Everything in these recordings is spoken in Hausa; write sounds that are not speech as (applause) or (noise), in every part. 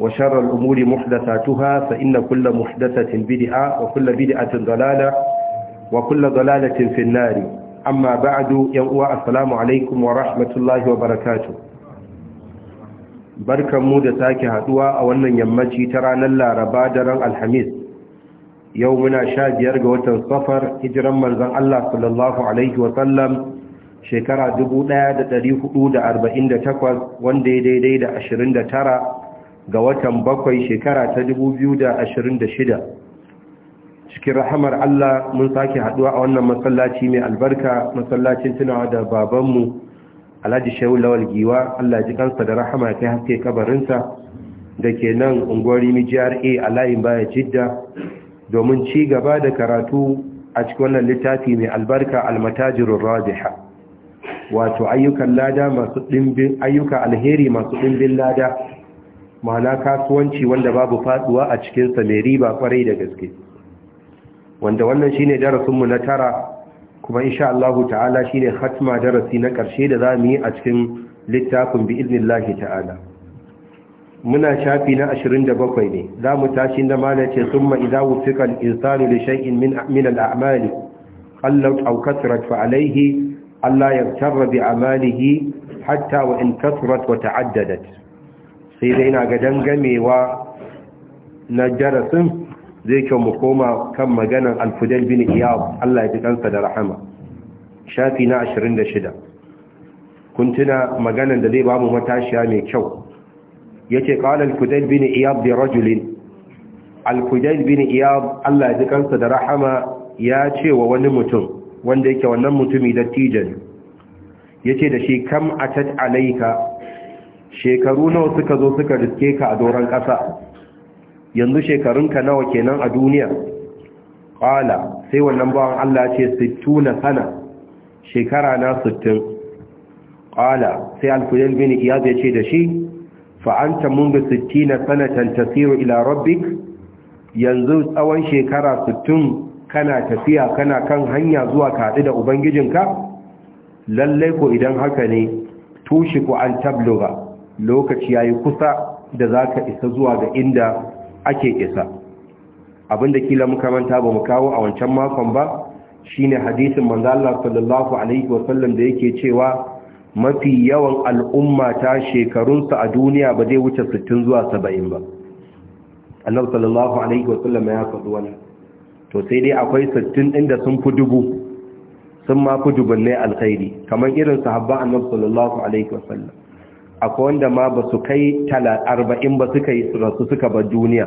وشر الأمور محدثاتها فإن كل محدثة بدعة وكل بدعة ضلالة وكل ضلالة في النار أما بعد يوء السلام عليكم ورحمة الله وبركاته بركة مودة ساكي هدوى أولا يمتي ترانا لا ربادرا الحميد يومنا شاد يرجع صفر هجرا من زن الله صلى الله عليه وسلم شكرا دبو لا دا تريه دا أربعين دا تقوى وان دي دي دي دا أشرين دا ترى ga watan bakwai shekara ta 2026 cikin rahamar Allah mun sake haduwa a wannan masallaci mai albarka masallacin tunawa da babanmu Alhaji Shehu Lawal Giwa Allah ji kansa da rahama kai haske kabarinsa da ke nan unguwar Rimi GRA a layin baya Jidda domin ci gaba da karatu a cikin wannan littafi mai albarka Almatajirur Radiha wato ayyukan lada masu dimbin ayyuka alheri masu ɗimbin lada ma'ana kasuwanci wanda babu faduwa a cikinsa mai riba kwarai da gaske wanda wannan shine darasinmu na tara kuma insha ta'ala shine hatima darasi na ƙarshe da za mu yi a cikin littafin bi iznillahi ta'ala muna shafi na 27 ne za mu tashi da mana ce summa idza wufika insanu li shai'in min amali qallat aw kasrat fa alayhi alla yagtarra bi amalihi hatta wa in kasrat wa ta'addadat sai dai na ga dangamewa na jarasin zai kyau mu koma kan maganan alfudel bin iyab Allah ya ji kansa da rahama shafi na 26 kun tuna maganan da zai ba mu matashiya mai kyau Ya ce al-fudel bin iyab bi rajulin al bin iyab Allah ya ji kansa da rahama ya ce wa wani mutum wanda yake wannan mutumi dattijan yace da shi kam atat alaika. shekaru nawa suka zo suka riske ka a doron ƙasa yanzu shekarunka nawa kenan a duniya ƙwala sai wannan bawan Allah ce na sana shekara na sittin ƙwala sai alfudel bin iyaz ya ce da shi fa'anta mundu sittina sanatan tasiru ila rabbik yanzu tsawon shekara sittin kana tafiya kana kan hanya zuwa kaɗi da ubangijinka lallai ko idan haka ne tushi ku an tabluga lokaci ya yi kusa da za ka isa zuwa ga inda ake isa abinda kila muka manta ba mu kawo a wancan makon ba shine hadisin manzo Allah sallallahu alaihi wasallam da yake cewa mafi yawan al'umma ta shekarunsa a duniya ba zai wuce 60 zuwa 70 ba annabi sallallahu alaihi wasallam ya faɗi wannan to sai dai akwai 60 din da sun fi dubu sun ma fi ne alkhairi kamar irin sahabba annabi sallallahu alaihi wasallam akwai wanda ma ba su kai arba'in ba suka yi rasu suka ba duniya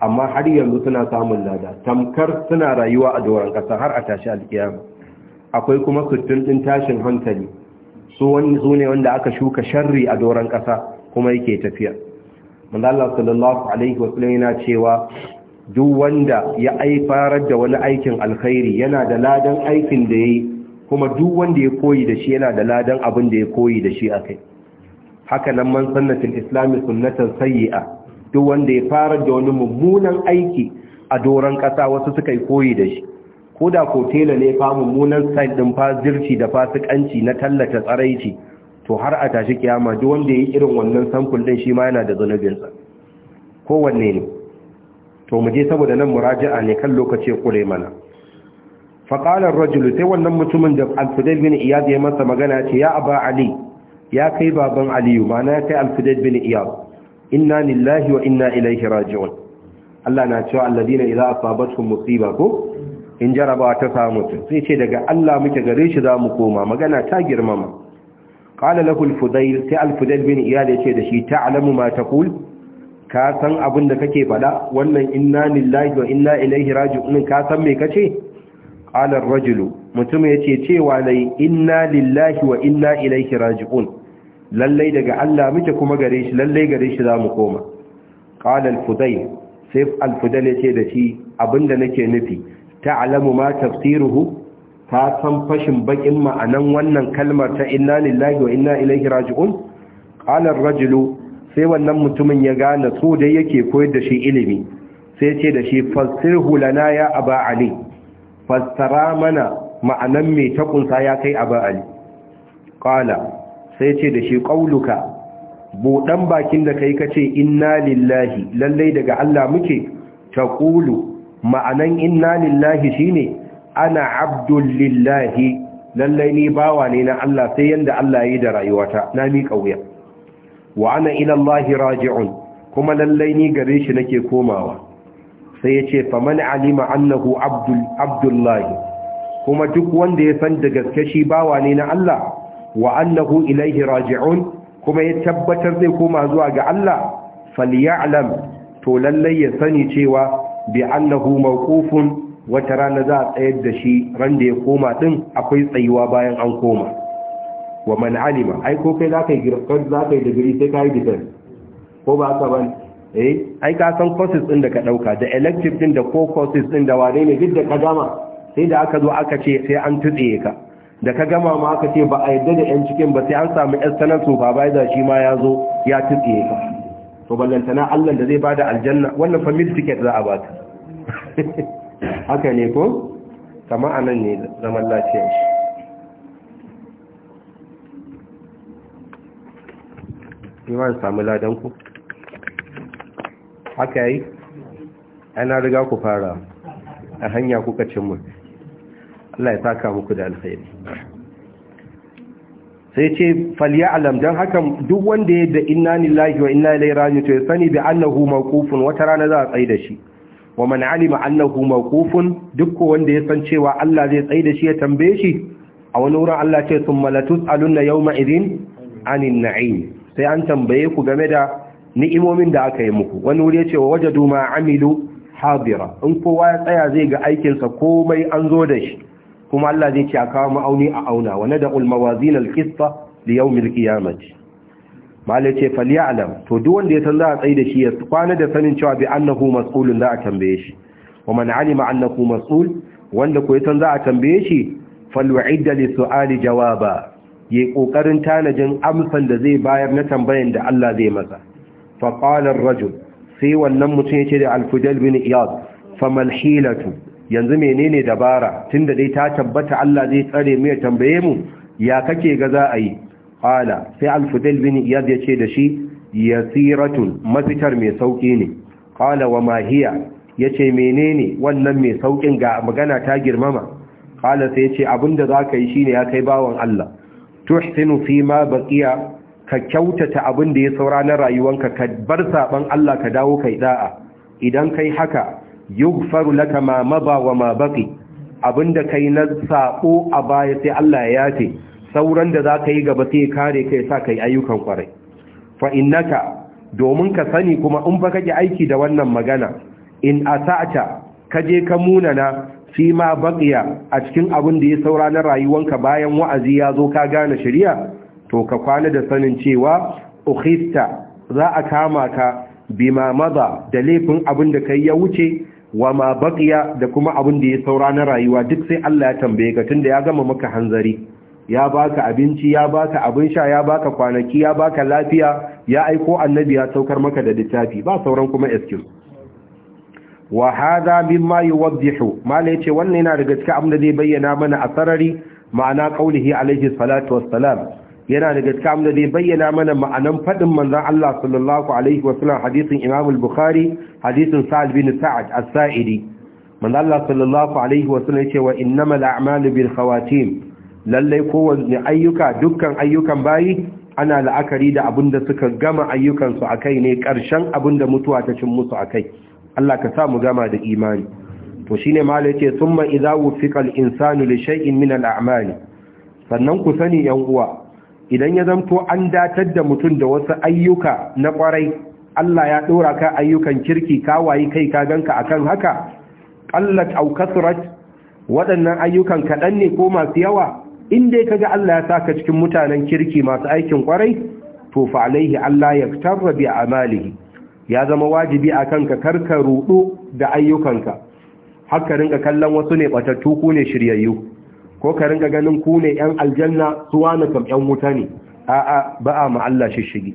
amma har yanzu suna samun lada tamkar suna rayuwa a doron kasa har a tashi alkiyar akwai kuma sittin ɗin tashin hankali su wani zune wanda aka shuka sharri a doron kasa kuma yake tafiya manzo sallallahu alaihi sallam, yana cewa duk wanda ya aifarar da wani aikin alkhairi yana da ladan aikin da yayi kuma duk wanda ya koyi da shi yana da ladan abin da ya koyi da shi akai haka nan man sannatin islami sunnatan sayyi'a duk wanda ya fara da wani mummunan aiki a doron ƙasa wasu suka yi koyi da shi ko da ko tela ne fa mummunan site din zirci da fasikanci na tallata tsaraici to har a tashi kiyama duk wanda yayi irin wannan sample din shi ma yana da zanubin sa wanne ne to mu je saboda nan muraja'a ne kan lokaci kure mana fa qala ar-rajulu sai wannan mutumin da al-fudail bin iyad ya masa magana ce ya aba ali ya kai baban aliyu mana ya kai alfidad bin iyab inna lillahi wa inna ilaihi raji'un Allah na cewa alladina idza asabatuhum musiba ko in jarabawa ta samu mutum sai ce daga Allah muke gare shi za mu koma magana ta girmama qala lahu al-fudayl sai bin iyad ya ce da shi ta'lamu ma taqul ka san abin da kake faɗa wannan inna lillahi wa inna ilaihi raji'un ka san me kace qala ar-rajulu mutum yace cewa lai inna lillahi wa inna ilaihi raji'un lallai daga Allah muke kuma gare shi lallai gare shi za mu koma qala al-fudayl sai al-fudayl yace da shi abinda nake nufi ta'lamu ma tafsiruhu ka san fashin bakin ma'anan wannan kalmar ta inna lillahi wa inna ilaihi raji'un qala ar-rajulu sai wannan mutumin ya gane so da yake koyar da shi ilimi sai ce da shi fassirhu lana ya aba ali fassara mana ma'anan me ta kunsa ya kai aba ali qala sai ce da shi ƙauluka buɗan bakin da kai kace inna lillahi lallai daga Allah muke taqulu ma'anan inna lillahi shine ana abdul lillahi lallai ni bawa ne na Allah sai yadda Allah yi da rayuwata na mi wuya. wa ana raji'un kuma lallai ni gare shi nake komawa sai yace faman alima annahu Abdullahi, kuma duk wanda ya san da gaske shi bawa ne na Allah wa annahu ilaihi raji'un kuma ya tabbatar zai koma zuwa ga Allah falyalam to lallai ya sani cewa bi annahu mawqufun wata rana za a tsayar da shi ran da ya koma din akwai tsayuwa bayan an koma wa man alima ai ko kai zakai yi zakai zaka yi sai kai gidan ko ba ka ban eh ai ka san courses din da ka dauka da elective din da core courses din da wane ne duk da ka gama sai da aka zo aka ce sai an tutse ka da ka gama ma aka ce ba a yadda da 'yan cikin ba sai an samu external supervisor shi ma ya zo ya tutsiye ka to ballantana allon da zai ba da aljanna wannan famil ticket za a ba ta (laughs) haka ne ko kama a nan ne zaman lafiyar shi iman samu ladan ku haka yi ana riga ku fara a hanya kuka cin mu Allah ya saka muku da alkhairi sai ce falyalam don haka duk wanda ya da inna lillahi wa inna ilaihi raji'un to ya sani bi annahu mawqufun wata rana za a tsaye da shi wa man alima annahu mawqufun duk wanda ya san cewa Allah zai tsaye da shi ya tambaye shi a wani wurin Allah ce thumma latus'alunna yawma idhin anin na'im sai an tambaye ku game da ni'imomin da aka yi muku wani wuri ya ce wa wajadu ma amilu hadira in kowa ya tsaya zai ga aikinsa komai an zo da shi kuma Allah zai ce a kawo ma'auni a auna wa nad'ul mawazin al da yau milki al-qiyamah mala ce falyalam to duk wanda ya san za a tsaye da shi ya kwana da sanin cewa bi annahu mas'ulun za a tambaye shi wa man alima annahu mas'ul wanda ko ya san za a tambaye shi falwa'idda li su'ali jawaba yi kokarin tanajin amsan da zai bayar na tambayan da Allah zai masa fa qala ar-rajul sai wannan mutum ya ce da al-fudal bin iyad famal hilatu yanzu menene dabara tunda dai ta tabbata Allah zai tsare mu ya tambaye mu ya kake ga za a yi qala sai al fudail bin iyad ya ce da shi yasiratun mafitar mai sauki ne qala wa ma hiya yace menene wannan mai saukin ga magana ta girmama qala sai yace abinda ka yi shine ya kai bawon Allah tuhsinu fi ma baqiya ka kyautata abinda ya saura na rayuwanka ka bar saban Allah ka dawo kai da'a idan kai haka yughfaru laka ma maba wa ma baqi abinda kai na sako a baya sai Allah ya yafe sauran da za ka yi gaba sai kare kai sa kai ayyukan kwarai fa innaka domin ka sani kuma in fa kake aiki da wannan magana in asa'ta kaje ka munana fi ma baqiya a cikin abin da ya saura na rayuwanka bayan wa'azi ya zo ka gane shari'a to ka kwana da sanin cewa ukhista za a kama ka bima maza da laifin abin da kai ya wuce wa ma baqiya da kuma abin da ya saura na rayuwa duk sai Allah ya tambaye ka tunda ya gama maka hanzari ya baka abinci ya baka abin sha ya baka kwanaki ya baka lafiya ya aiko annabi ya saukar maka da littafi ba sauran kuma eskim. wa hadha mimma yuwaddihu malai ce wannan yana daga cikin abin da zai bayyana mana a sarari ma'ana qaulihi alaihi salatu wassalam yana daga gaske abin da bayyana mana ma'anan fadin manzon Allah sallallahu alaihi sallam hadisin Imam al-Bukhari hadisin Sa'ad bin Sa'ad as-Sa'idi manzon Allah sallallahu alaihi wasallam yace wa innamal a'malu bil khawatim lalle kowanne ayyuka dukkan ayyukan bayi ana la'akari da abin da suka gama ayyukan su akai ne karshen abin da mutuwa ta cin musu akai Allah ka sa mu gama da imani to shine malai yace thumma idza wufiqa al-insanu li shay'in min al-a'mali sannan ku sani yan uwa idan ya zanto an datar da mutum da wasu ayyuka na kwarai Allah ya ɗora ka ayyukan kirki ka wayi kai ka ganka akan haka qallat aw kasrat waɗannan ayyukan kaɗan ne ko masu yawa in dai kaga Allah ya saka cikin mutanen kirki masu aikin kwarai to fa alaihi Allah ya bi amalihi ya zama wajibi a kanka karka rudu da ayyukanka haka rinka kallon wasu ne batattu ku ne shiryayyu ko ka ringa ganin ku ne yan aljanna su wani kam yan wuta ne a'a ba a ma Allah shishigi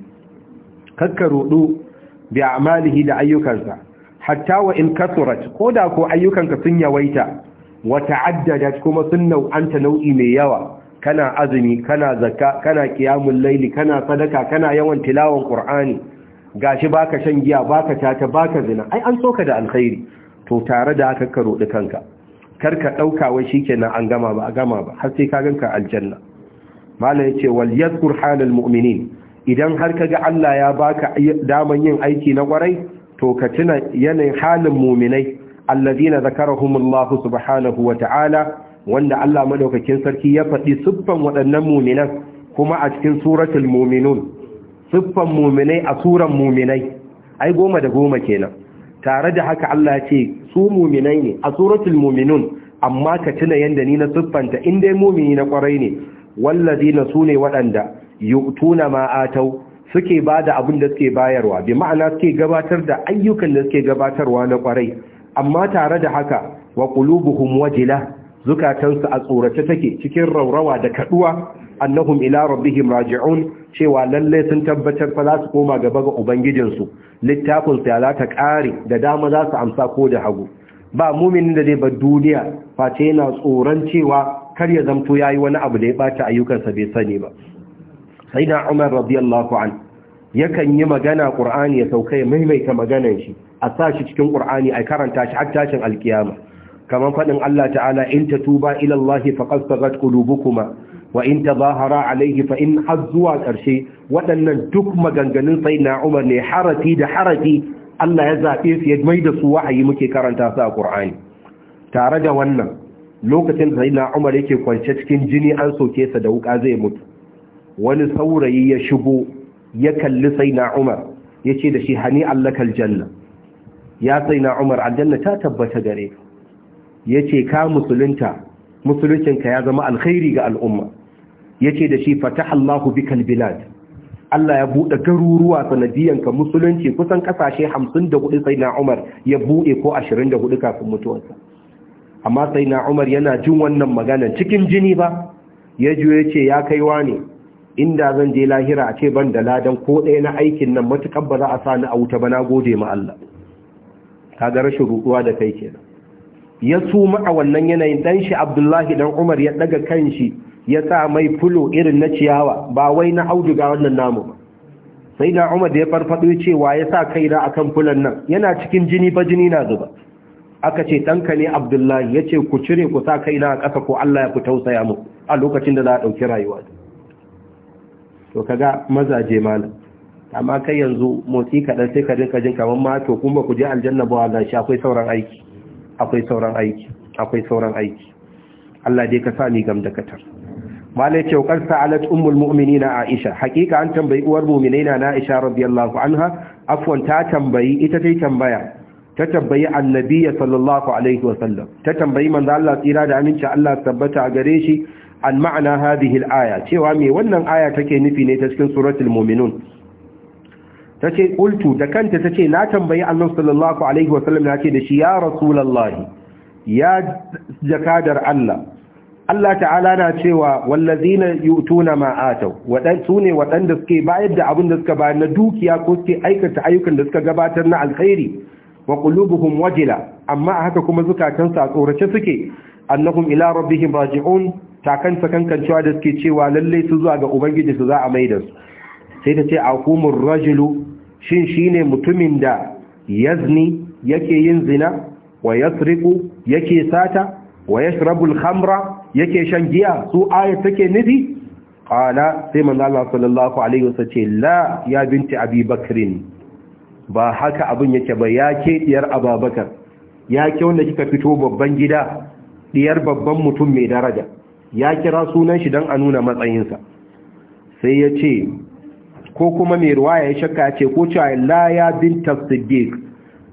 kakka rudu bi a'malihi da ayyukansa hatta wa in kasurat ko da ko ayyukanka sun yawaita wa ta'addadat kuma sun nau'anta nau'i mai yawa kana azumi kana zakka kana qiyamul laili, kana sadaka kana yawan tilawan qur'ani gashi baka shan giya baka tata baka zina ai an soka da alkhairi to tare da aka ka kanka kar ka ɗauka wai shikenan an gama ba a gama ba har sai ka ganka aljanna malam yace wal yadhkur halal mu'minin idan har kaga Allah ya baka daman yin aiki na kwarai to ka tuna yanayin halin mu'minai alladhina zakarahumullahu subhanahu wa ta'ala wanda Allah madaukakin sarki ya faɗi siffan waɗannan mu'minan kuma a cikin suratul mu'minun siffan mu'minai a suran mu'minai ai goma da goma kenan tare da haka Allah ya ce su muminai ne a suratul muminun amma ka tuna yanda ni na siffanta in dai mumini na kwarai ne wallazi na sune waɗanda yu'tuna ma atau suke bada abin da suke bayarwa bi ma'ana suke gabatar da ayyukan da suke gabatarwa na kwarai amma tare da haka wa qulubuhum wajila zukatansu a tsorace take cikin raurawa da kaduwa annahum ila rabbihim raji'un cewa lalle sun tabbatar fa za su koma gaba ga ubangijinsu littafin sa za ta kare da dama za su amsa ko da hagu ba muminin da zai bar duniya face yana tsoron cewa kar ya ya yayi wani abu da ya bata ayyukansa bai sani ba sayyidina umar radiyallahu an yakan yi magana qur'ani ya sauka ya maimaita maganar shi a sa shi cikin qur'ani a karanta shi har tashin alkiyama kamar faɗin Allah ta'ala in tatuba ila Allah faqad sagat qulubukuma wa in tazahara alaihi fa in har zuwa ƙarshe waɗannan duk maganganun sai na umar ne harati da harafi Allah ya zaɓe su ya mai da su wahayi muke karanta su a Qur'ani tare da wannan lokacin sai na umar yake kwance cikin jini an soke sa da wuka zai mutu wani saurayi ya shigo ya kalli sai na umar ya da shi hani kal janna ya sai na umar aljanna ta tabbata gare ya ka musulunta musuluncinka ya zama alkhairi ga al'umma yace da shi fataha Allahu bikal bilad Allah ya buɗe garuruwa sanadiyanka musulunci kusan ƙasashe 54 sai na Umar ya buɗe ko 24 kafin mutuwarsa. Amma sai na Umar yana jin wannan maganan cikin jini ba, ya juyo ce ya kaiwa ne, inda zan je lahira a ce ban da ladan ko ɗaya na aikin nan matuƙar ba za a sa ni a wuta ba na gode ma Allah. Ka ga rashin ruɗuwa da kai kenan. Ya suma a wannan yanayin ɗan shi Abdullahi dan Umar ya ɗaga kan shi ya sa mai fulo irin na ciyawa ba wai na auduga wannan namu ba sai na umar da ya farfado cewa ya sa kaina akan fulon nan yana cikin jini ba jini na zuba aka ce ɗanka ne abdullahi ya ce ku cire ku sa kaina a ƙasa ko allah ya ku tausaya mu a lokacin da za a ɗauki rayuwa to kaga mazaje malam amma kai yanzu motsi kaɗan sai ka dinka jin kamar ma to kuma ku je aljanna ba wa shi akwai sauran aiki akwai sauran aiki akwai sauran aiki Allah dai ka sa ni gam da malai ce kar sa'alat ummul mu'minina aisha hakika an tambayi uwar mu'minina na aisha radiyallahu anha afwan ta tambayi ita tai tambaya ta tambayi annabi sallallahu alaihi wasallam ta tambayi manzo Allah tsira da aminci Allah tabbata a gare shi an ma'ana hadhihi al-aya cewa me wannan aya take nufi ne ta cikin suratul mu'minun tace qultu da kanta tace na tambayi Allah sallallahu alaihi wasallam na ce da shi ya rasulullahi ya jakadar Allah Allah ta'ala na cewa wallazina yutuna ma atau wadan sune wadanda suke bayar da abin da suka bayar na dukiya ko suke aikata ayyukan da suka gabatar na alkhairi wa qulubuhum wajila amma haka kuma zukatan su a tsorace suke annahum ila rabbihim raji'un takan sakankancewa da suke cewa lalle su zuwa ga ubangiji su za a maida su sai ta ce aqumur rajulu shin shine mutumin da yazni yake yin zina wa yasriqu yake sata wa yashrabul khamra yake shan giya su aya take nufi qala sai manzo Allah sallallahu alaihi wasallam ce la ya binti abi bakrin ba haka abin yake ba ya ke ɗiyar ababakar ya ke wanda kika fito babban gida ɗiyar babban mutum mai daraja ya kira sunan shi dan a nuna matsayinsa sai ya ce ko kuma mai ruwaya ya shakka ce ko cewa la ya binta siddiq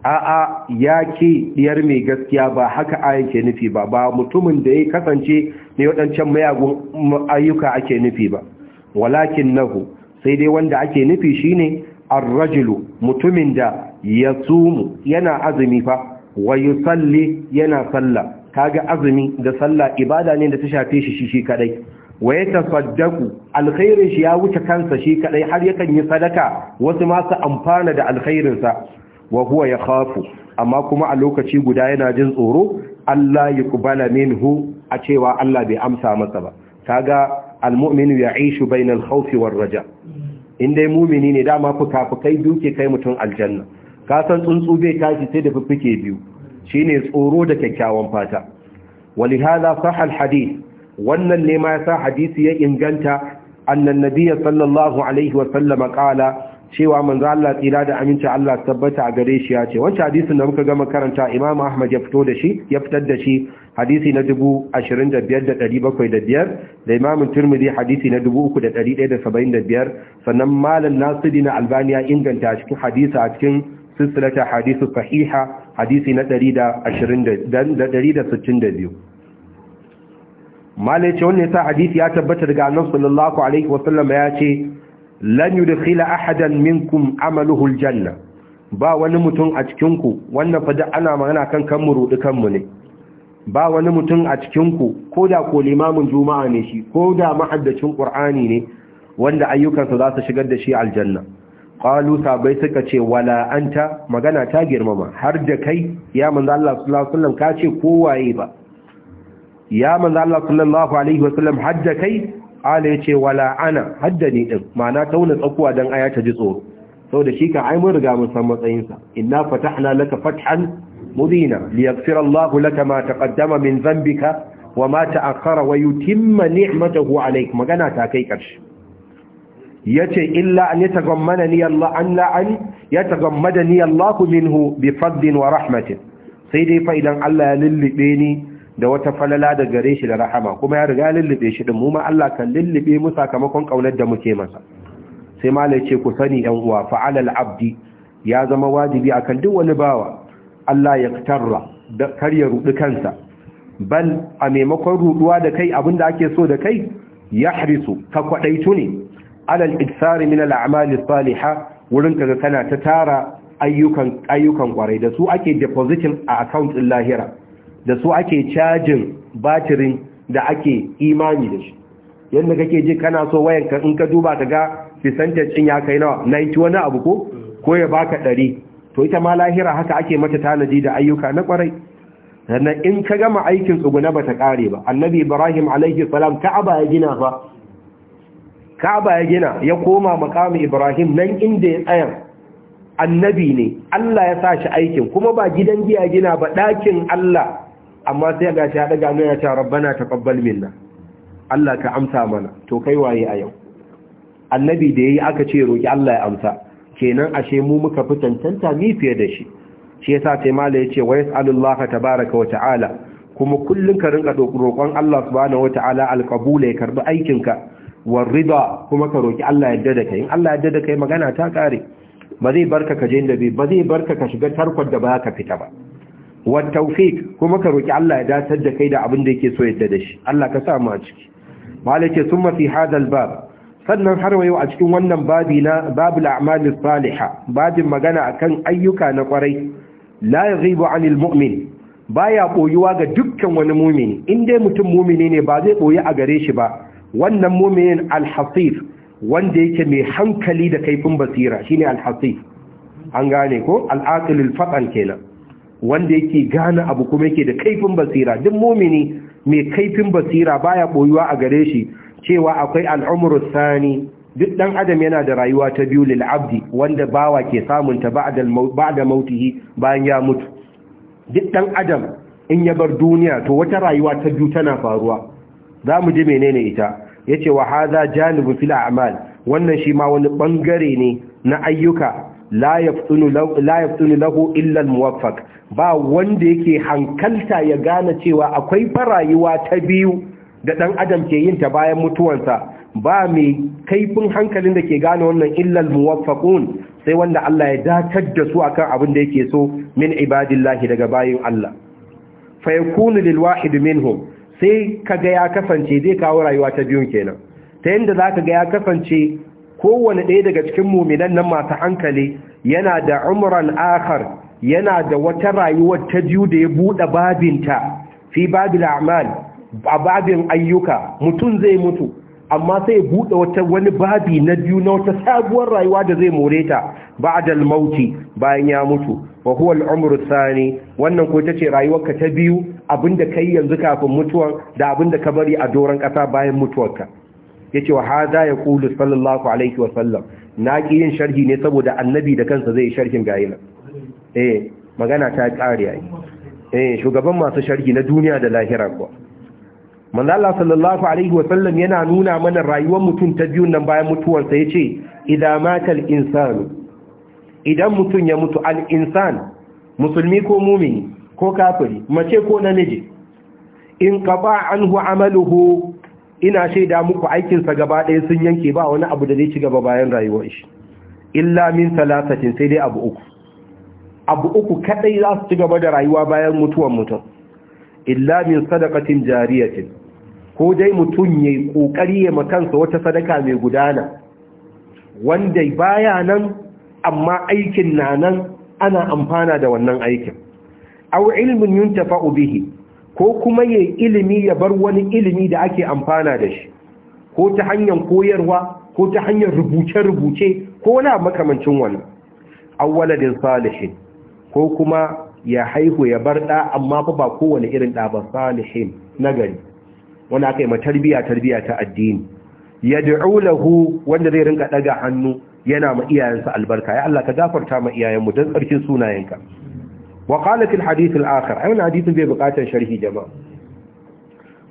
a'a ya ke ɗiyar mai gaskiya ba haka a yake nufi ba ba mutumin da ya kasance mai waɗancan mayagun ayyuka ake nufi ba walakin nahu sai dai wanda ake nufi shine arrajulu rajulu mutumin da ya sumu yana azumi fa wa yusalli yana salla kaga azumi da salla ibada ne da ta shafe shi shi kadai wa yatasaddaqu alkhairin shi ya wuce kansa shi kadai har yakan yi sadaka wasu ma su amfana da alkhairin wa huwa khafu. amma kuma a lokaci guda yana jin tsoro Allah yuqbala minhu a cewa Allah bai amsa masa ba kaga almu'minu ya'ishu bainal khawfi war raja in dai mumini ne dama fukafukai fukai biyu ke kai mutum aljanna ka san tsuntsu bai tashi sai da fuffuke biyu shine tsoro da kyakkyawan fata walihala sahal hadith wannan ne ma yasa hadisi ya inganta annan nabiyyi sallallahu alaihi wa sallam qala cewa manzo Allah tsira da aminci Allah tabbata a gare shi ya ce wancan hadisin da muka gama karanta Imam Ahmad ya fito da shi ya fitar da shi hadisi na 25775 da Imam Tirmidhi hadisi na 3175 sannan Malam Nasiri na Albania inganta cikin hadisi a cikin silsilata hadisu sahiha hadisi na da 162 Malai ce wannan sa hadisi ya tabbata daga Annabi sallallahu alaihi wasallam ya ce lan yudkhila ahadan minkum amaluhu aljanna ba wani mutum a cikin ku wannan fa da ana magana kan kan mu rudi kan mu ne ba wani mutum a cikin ku koda ko limamin juma'a ne shi koda muhaddacin qur'ani ne wanda ayyukansa za su shigar da shi aljanna qalu sabai suka ce wala anta magana ta girmama har da kai ya manzo Allah sallallahu alaihi wasallam ka ce kowaye ba ya manzo Allah sallallahu alaihi wasallam har da kai ala ce wala ana haddani ɗin ma'ana tauna tsakuwa dan aya ta ji tsoro da shi ka ai riga mun san matsayin sa inna fatahna laka fatan? mubina liyaghfira Allahu laka ma kaddama min zambika. wa ma ta'akhkhara wa yutimma ni'matahu alayk magana ta kai karshe yace illa an yatagammanani Allah an la an yatagammadani Allah minhu bi fadlin wa rahmatin sai dai fa idan Allah ya lullube ni da wata falala da gare shi da rahama kuma ya riga lullube shi din mu ma Allah kan lullube mu sakamakon kaunar da muke masa sai malai ce ku sani yan uwa fa'ala al-abdi ya zama wajibi akan duk wani bawa Allah ya tarra da kar ya kansa bal a maimakon ruduwa da kai abinda ake so da kai yahrisu ka kwadaitu ne alal iksari min al-a'mali salihah wurin kaga kana ta tara ayyukan ayyukan kwarai da su ake depositing a account din lahira da su ake cajin batirin da ake imani da shi yadda kake ji kana so wayan ka in ka duba ka ga fisantacin din ya kai nawa 90 wani abu ko ko ya baka ɗari. to ita ma lahira haka ake mata tanadi da ayyuka na kwarai sannan in ka gama aikin tsuguna ta kare ba annabi ibrahim alaihi salam ka'aba ya gina ba ka'aba ya gina ya koma makamin ibrahim nan inda ya tsaya annabi ne Allah ya sa shi aikin kuma ba gidan giya gina ba ɗakin Allah amma sai ga shi ya daga mai ya ce rabbana taqabbal minna Allah ka amsa mana to kai waye a yau annabi da yayi aka ce roki Allah ya amsa kenan ashe mu muka fi tantanta mi fiye da shi shi yasa sai mala ce wa ka tabaaraka wa ta'ala kuma kullun ka rinka roƙon Allah subhanahu wa ta'ala alqabula ya karbi aikinka rida kuma ka roki Allah ya da kai in Allah ya da kai magana ta kare ba zai barka ka je inda bai ba zai barka ka shiga tarkon da ba ka fita ba wa kuma ka roki Allah ya datar da kai da abin da yake so ya da shi Allah ka samu a ciki malike summa fi hadal bab sannan har wayo a cikin wannan babi na babul a'mali salihah babin magana akan ayyuka na kwarai la yaghibu 'anil mu'min baya koyuwa ga dukkan wani mumini in dai mutum mumini ne ba zai koyi a gare shi ba wannan muminin alhasif wanda yake mai hankali da kaifin basira shine alhasif an gane ko al'aqilul fatan kenan wanda yake gane abu kuma yake da kaifin basira duk mumini mai kaifin basira baya boyuwa a gare shi cewa akwai al'umru sani duk dan adam yana da rayuwa ta biyu lil abdi wanda bawa ke samun ta ba'da ba'da mautihi bayan ya mutu duk dan adam in ya bar duniya to wata rayuwa ta biyu tana faruwa za mu ji menene ita yace wa hadha janibu fil a'mal wannan shi ma wani bangare ne na ayyuka la yaftunu lahu illa muwaffaq ba wanda yake hankalta ya gane cewa akwai farayuwa ta biyu da dan adam ke yin ta bayan mutuwansa ba mai kaifin hankalin da ke gane wannan illa muwaffaqun sai wanda Allah ya datar da su akan abin da yake so min ibadillahi daga bayin Allah fa yakunu lil wahid minhum sai kaga ya kasance zai kawo rayuwa ta biyun kenan ta yanda zaka ga ya kasance kowane ɗaya daga cikin muminan nan masu hankali yana da umran akhar yana da wata rayuwar ta biyu da ya buɗe babinta fi babil a'mal a babin ayyuka mutum zai mutu amma sai buɗe wata wani babi na biyu na wata sabuwar rayuwa da zai more ta ba'dal mauti bayan ya mutu wa huwa al-umru wannan ko tace rayuwarka ta biyu abinda kai yanzu kafin mutuwa da abinda ka bari a doran ƙasa bayan mutuwarka ce wa ya yaqulu sallallahu alaihi wa na ki yin sharhi ne saboda annabi da kansa zai sharhin gayin eh magana ta kare ai eh shugaban masu sharhi na duniya da lahira ko manzo sallallahu alaihi wa yana nuna mana rayuwar mutum ta biyun nan bayan mutuwarsa ya ce idan mutum ya mutu al-insan musulmi ko mumini ko kafiri mace ko namiji in qata anhu amaluhu ina shaida muku aikinsa gaba ɗaya sun yanke ba wani abu da zai ci gaba bayan rayuwar shi illa min talatatin sai dai abu uku abu uku kadai za su ci gaba da rayuwa bayan mutuwan mutum illa min sadaqatin jariyatin ko dai mutum yayi kokari ya makansa wata sadaka mai gudana wanda baya nan amma aikin na nan ana amfana da wannan aikin aw ilmin yuntafa bihi ko kuma ya ilimi ya bar wani ilimi da ake amfana da shi ko ta hanyar koyarwa ko ta hanyar rubuce-rubuce ko wani makamancin An awwaladin salihin ko kuma ya haihu ya bar ɗa amma fa ba kowane irin ɗa ba salihin nagari Wani aka yi tarbiyya tarbiya ta addini ya da'ulahu wanda zai rinka ɗaga hannu yana ma iyayensa albarka ya Allah ka gafarta ma iyayenmu don tsarkin sunayenka وقال في الحديث الآخر أين حديث ببقاة شرحي جماعة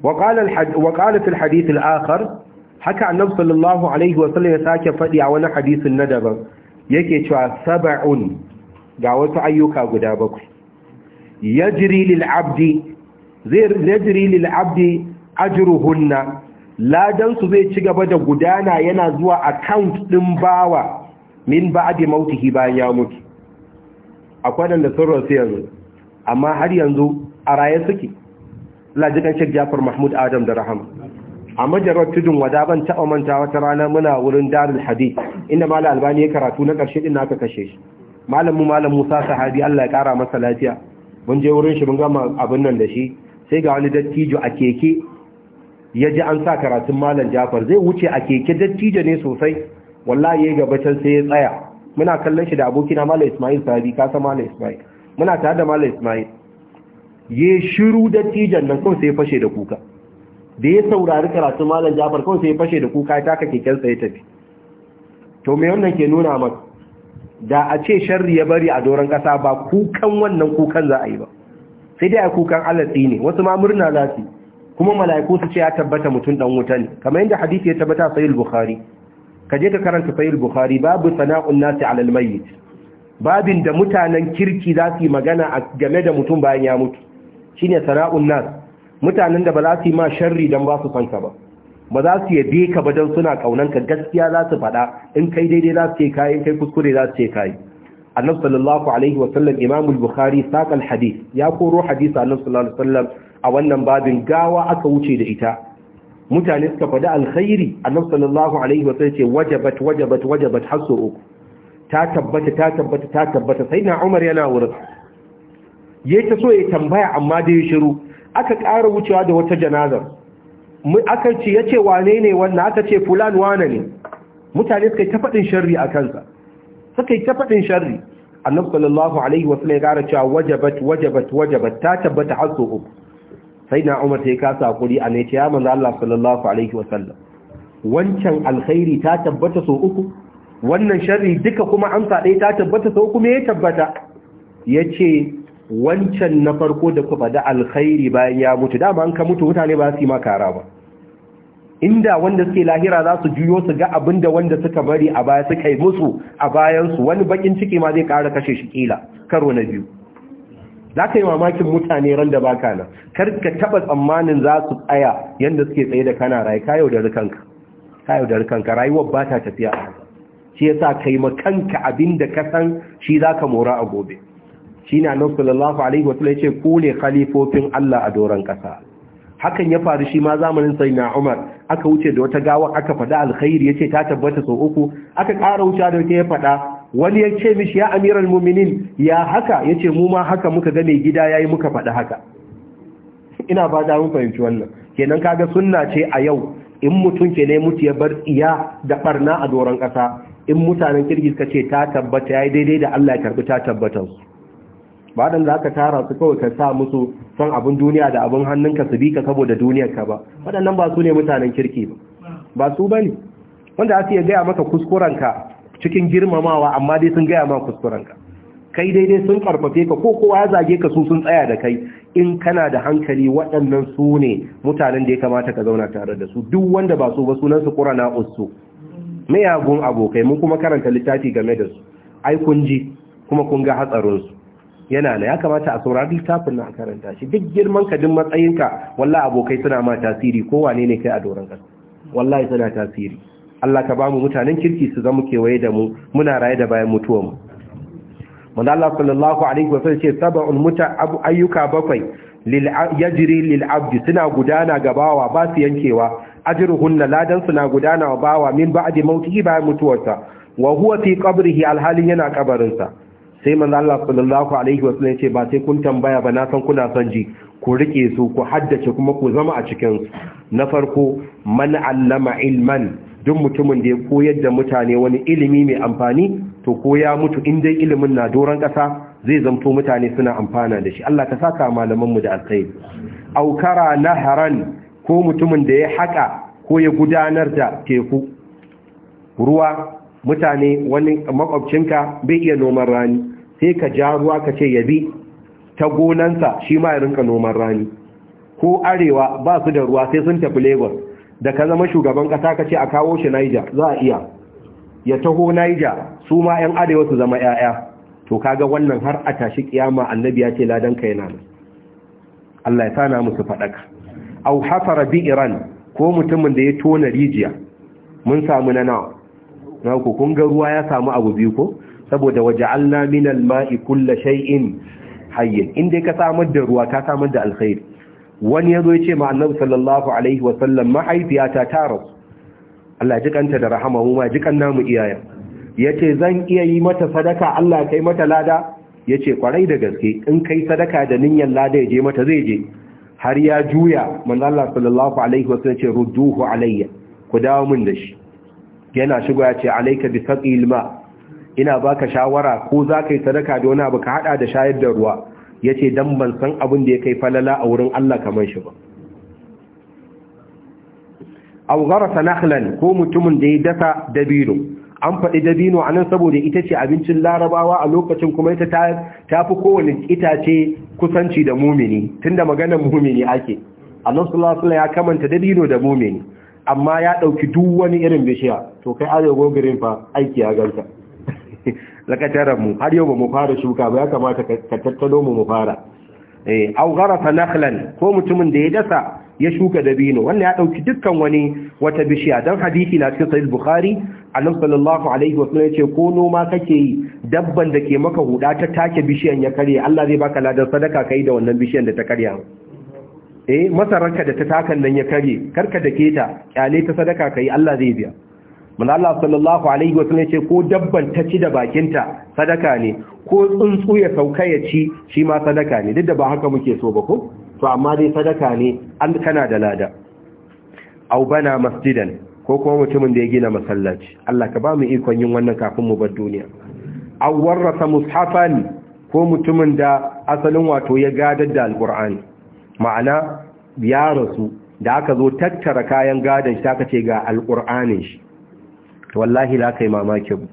وقال, الحد وقال في الحديث الآخر حكى عن نبي صلى الله عليه وسلم ساكي فدي عوانا حديث الندب يكي شوى سبع دعوت أيوكا قدابك يجري للعبد يجري للعبد أجرهن لا دنس زي شغب قدانا ينزوى أكاونت دنباوة من بعد موته بايامك akwai da sun rasu yanzu amma har yanzu a raye suke lajikan shek jafar mahmud adam da rahama a majalar tudun wada ban taɓa manta wata rana muna wurin darul hadi inda malam albani ya karatu na ƙarshe ina naka kashe shi malam mu malam musa sahabi allah ya ƙara masa lafiya mun je wurin shi mun gama abin nan da shi sai ga wani dattijo a keke ya ji an sa karatun malam jafar zai wuce a keke dattijo ne sosai wallahi ya gaba can sai ya tsaya muna kallon shi da abokina Malam Ismail Sabi ka san Malam Ismail muna tare da Malam Ismail ye shiru da tijan nan kawai sai ya fashe da kuka da ya saurari karatu Malam Jafar kawai sai ya fashe da kuka ya taka keken sa ya tafi to me wannan ke nuna maka da a ce sharri ya bari a doron kasa ba kukan wannan kukan za a yi ba sai dai a kukan alatsi ne wasu ma murna za su kuma mala'iku su ce ya tabbata mutum dan wuta ne kamar yadda hadisi ya tabbata sahih bukhari Kaje ka karanta sahih bukhari babu sana'un nasi ala mayyit babin da mutanen kirki za su yi magana game da mutum bayan ya mutu shine sana'un nas mutanen da ba za su yi ma sharri dan ba su san ba ba za su yabe ka ba dan suna kaunan ka gaskiya za su faɗa in kai daidai za su ce kai in kai kuskure za su ce kai annabi sallallahu alaihi wa sallam imam al-bukhari saqal hadith ya koro hadisi annabi sallallahu alaihi wa sallam a wannan babin gawa aka wuce da ita mutane suka faɗi alkhairi annabi sallallahu alaihi wa sallam ce wajabat wajabat wajabat hasu uku ta tabbata ta tabbata ta tabbata sai na Umar yana wurin yayi ta so ya tambaya amma dai shiru aka ƙara wucewa da wata janazar mu aka ce yace wane ne wannan aka ce fulan wane ne mutane suka yi ta faɗin sharri a kansa suka yi ta faɗin sharri annabi sallallahu alaihi wa sallam ya ƙara cewa wajabat wajabat wajabat ta tabbata hasu uku sai na umar ta yi kasa hakuri a nai ce ya manzo Allah sallallahu alaihi wasallam wancan alkhairi ta tabbata sau uku wannan sharri duka kuma amsa ɗaya ta tabbata sau uku me ya tabbata ya ce wancan na farko da kuma da alkhairi bayan ya mutu dama an ka mutu mutane ba su yi makara ba inda wanda suke lahira za su juyo su ga abin da wanda suka bari a baya suka yi musu a bayansu wani bakin ciki ma zai kara kashe shi kila karo na biyu za ka yi mamakin mutane ran da baka nan kar ka taba tsammanin za su tsaya yadda suke tsaye da kana rayu ka yaudari kanka ka yaudari kanka rayuwar ba ta tafiya a haka shi yasa kai ma kanka abin da ka san shi za ka mora a gobe shi ne annabi sallallahu alaihi wa sallam ya ce ku ne khalifofin Allah a doron kasa hakan ya faru shi ma zamanin sayyidina Umar aka wuce da wata gawar aka fada alkhairi yace ta tabbata sau uku aka ƙara wuce da wata ya faɗa. wani ya ce mishi ya amiral muminin ya haka ya ce mu ma haka muka ga mai gida ya yi muka faɗi haka ina ba fahimci wannan kenan kaga sunna ce a yau in mutum ke ne mutu ya bar iya da barna a doron ƙasa in mutanen kirgi suka ce ta tabbata ya yi daidai da Allah ya karbi ta tabbatar ba dan za ka tara su kawai ka sa musu son abin duniya da abin hannunka su bi ka saboda duniyar ka ba waɗannan ba su ne mutanen kirki ba ba su ne. wanda aka iya gaya maka kuskuren ka. cikin girmamawa amma dai sun gaya ma kuskurenka kai daidai sun karfafe ka ko kowa ya zage ka su sun tsaya da kai in kana da hankali waɗannan su ne mutanen da ya kamata ka zauna tare da su duk wanda ba su ba sunan su usu ussu mayagun abokai mun kuma karanta littafi game da su ai kun ji kuma kun ga hatsarinsu. yana da ya kamata a saurari littafin na karanta shi duk girman ka duk matsayinka wallahi abokai suna ma tasiri ko wane ne kai a doron kasa wallahi suna tasiri Allah ka ba mu mutanen kirki su zama kewaye da mu muna raye da bayan mutuwar mu manzo Allah sallallahu alaihi wasallam ce sab'ul muta abu ayyuka bakwai lil yajri lil abdi suna gudana ga bawa ba su yankewa ajruhunna ladan suna gudana wa bawa min ba'di mautihi bayan mutuwarsa wa huwa fi qabrihi alhalin yana kabarinsa sai manzo Allah sallallahu alaihi wasallam ce ba sai kun tambaya ba na san kuna son ji ku rike su ku haddace kuma ku zama a cikin na farko man allama ilman duk mutumin da ya koyar da mutane wani ilimi mai amfani to koya mutu in dai ilimin na doron ƙasa zai zamto mutane suna amfana da shi Allah ta saka malamanmu da alkhairi aukara naharan ko mutumin da ya haƙa ko ya gudanar da teku ruwa mutane wani makwabcinka bai iya noman rani sai ka ja ruwa ka ce ya bi ta gonansa shi ma ya rinka noman rani ko arewa ba su da ruwa sai sun tafi lagos da ka zama shugaban ƙasa ka ce a kawo shi naija za a iya ya taho Niger su ma 'yan arewa su zama 'ya'ya to kaga wannan har a tashi kiyama annabi ya ce ladan ka yana Allah ya sana musu faɗaka. au hafara bi iran ko mutumin da ya tona rijiya mun samu na nawa na ku kun ga ruwa ya samu abu biyu ko saboda waja'alna minal ma'i kullu shay'in hayyin in dai ka samar da ruwa ka samar da alkhairi wani ya zo ya ce ma annabi sallallahu alaihi wasallam mahaifiyata ta rasu Allah ji kanta da rahama mu ma ji kan namu iyayen yace zan iya yi mata sadaka Allah kai mata lada yace kwarai da gaske in kai sadaka da niyyar lada ya je mata zai je har ya juya manzo Allah sallallahu alaihi wasallam ce rudduhu alayya ku dawo min da shi yana shigo ya ce alayka bi saqil ma ina baka shawara ko za ka yi sadaka da wani abu ka hada da shayar da ruwa ya ce don ban san abin da ya kai falala a wurin Allah kamar shi ba augara sanahlan ko mutumin da ya dasa dabino an faɗi dabino a nan saboda ita ce abincin larabawa a lokacin kuma ita ta fi kowane itace kusanci da mumini tunda maganar mumini ake su ya kamanta dabino da mumini amma ya ɗauki duk wani irin bishiya to kai arewa gogirin aiki ya ganta lakataran mu har yau ba mu fara shuka ba ya kamata ka tattalo mu mu fara eh au nakhlan ko mutumin da ya dasa ya shuka dabino wannan ya dauki dukkan wani wata bishiya dan hadisi na cikin sahih bukhari annabi sallallahu alaihi wasallam yace ko noma kake yi dabban da ke maka huda ta take bishiyan ya kare Allah zai baka ladan sadaka kai da wannan bishiyan da ta karya eh masararka da ta takan nan ya kare karka da keta kyale ta sadaka kai Allah zai biya Allah sallallahu alaihi wa sallam ce ko dabban ta ci da bakinta sadaka ne ko tsuntsu ya sauka ya ci shi ma sadaka ne duk da ba haka muke so ba ko to amma dai sadaka ne an kana da lada au bana masjidan ko kuma mutumin da ya gina masallaci Allah ka ba mu ikon yin wannan kafin mu bar duniya au warasa mushafan ko mutumin da asalin wato ya gadar da alqur'ani ma'ana ya rasu da aka zo tattara kayan gadon shi aka ce ga alqur'anin shi wallahi za ka yi mamakin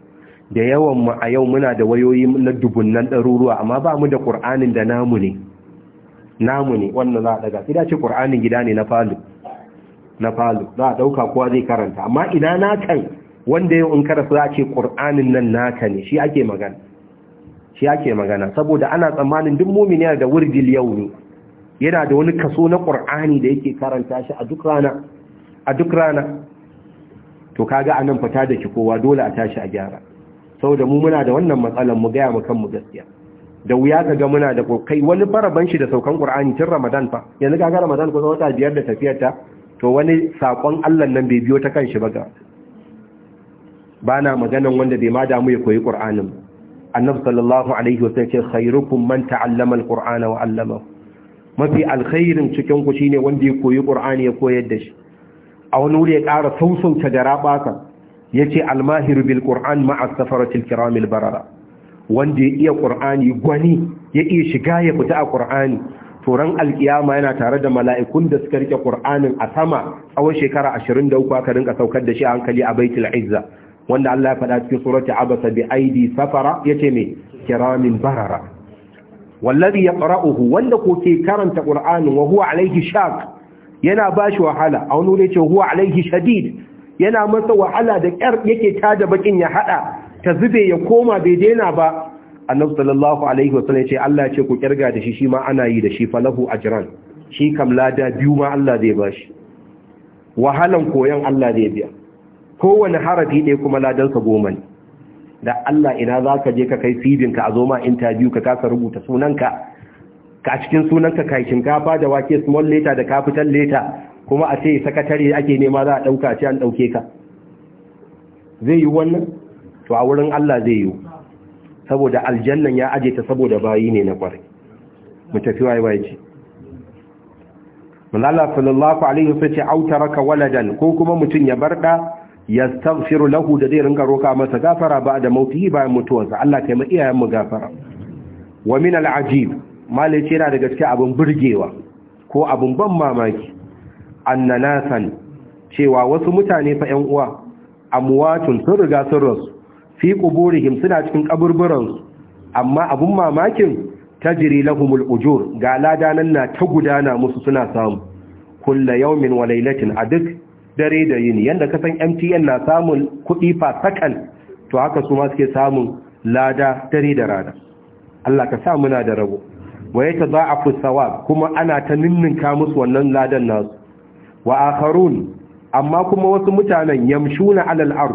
da yawan mu a yau muna da wayoyi na dubunnan ɗaruruwa amma ba mu da ƙur'anin da namu ne namu ne wannan za a daga sai ce ƙur'anin gida ne na falo na falo za a ɗauka kowa zai karanta amma ina na kan wanda yau in karasa za a ce ƙur'anin nan naka ne shi ake magana shi ake magana saboda ana tsammanin duk mumin yana da wurgil yau ne yana da wani kaso na ƙur'ani da yake karanta shi a duk rana a duk rana to kaga anan fata da ki kowa dole a tashi a gyara saboda mu muna da wannan matsalan mu gaya mu kanmu gaskiya da wuya ka ga muna da kai wani faraban shi da saukan Qur'ani tun Ramadan fa yanzu kaga Ramadan kusa wata biyar da tafiyar ta to wani sakon Allah nan bai biyo ta kanshi ba ga bana maganan wanda bai ma damu ya koyi Qur'anin Annabi sallallahu alaihi wasallam ce khairukum man ta'allama al-Qur'ana wa 'allamahu mafi alkhairin cikin ku shine wanda ya koyi Qur'ani ya koyar da shi a wani wuri ya ƙara sausauta da rabatan ya ce almahiru bil ƙur'an ma'a safaratil kiramil barara wanda ya iya ƙur'ani gwani ya iya shiga ya fita a ƙur'ani turan alƙiyama yana tare da mala'ikun da suka rike ƙur'anin a sama tsawon shekara ashirin da uku aka rinka saukar da shi a hankali a baitul izza wanda Allah ya faɗa cikin surati abasa bi aidi safara yace me kiramin barara wallazi yaqra'uhu wanda ko ke karanta qur'anin wa huwa alayhi shaq yana ba shi wahala a wani wuri ce huwa alaihi shadid yana masa wahala da ƙyar yake tada bakin ya haɗa, ta zube ya koma bai daina ba annabi sallallahu alaihi ya ce Allah ya ce ku kirga da shi shi ma ana yi da shi falahu ajran shi kam lada biyu ma Allah zai bashi wahalan koyon Allah zai biya kowane harafi ɗaya kuma ladansa goma ne da Allah ina za ka je ka kai ka a zo ma interview ka kasa rubuta sunanka ka cikin sunanka kai shinkafa da wake small letter da capital letter kuma a ce sakatare ake nema za a dauka ce an dauke ka zai yi wannan to a wurin Allah zai yi saboda aljannan ya aje ta saboda bayi ne na kwarai mu tafi waye waye ce Allah sallallahu alaihi wasallam ce autaraka waladan ko kuma mutun ya barda yastaghfiru lahu da zai ringa roka masa gafara ba da mautihi bayan mutuwarsa Allah kai mu iyayen mu gafara wa min al-ajib malice yana daga cikin abin burgewa ko abin ban mamaki annanasan cewa wasu mutane fa ƴan uwa amwatun sun riga sun rasu fi quburihim suna cikin kaburburan amma abin mamakin tajri lahumul ujur ga ladanan na ta gudana musu suna samu kulla yawmin wa laylatin a duk dare da yini yanda ka san MTN na samun kuɗi fa sakan to haka su ma suke samun lada dare da rana Allah ka sa muna da rabo wa a fi sawab kuma ana ta ninninka musu wannan ladan nasu wa akharun amma kuma wasu mutanen yamshuna alal ard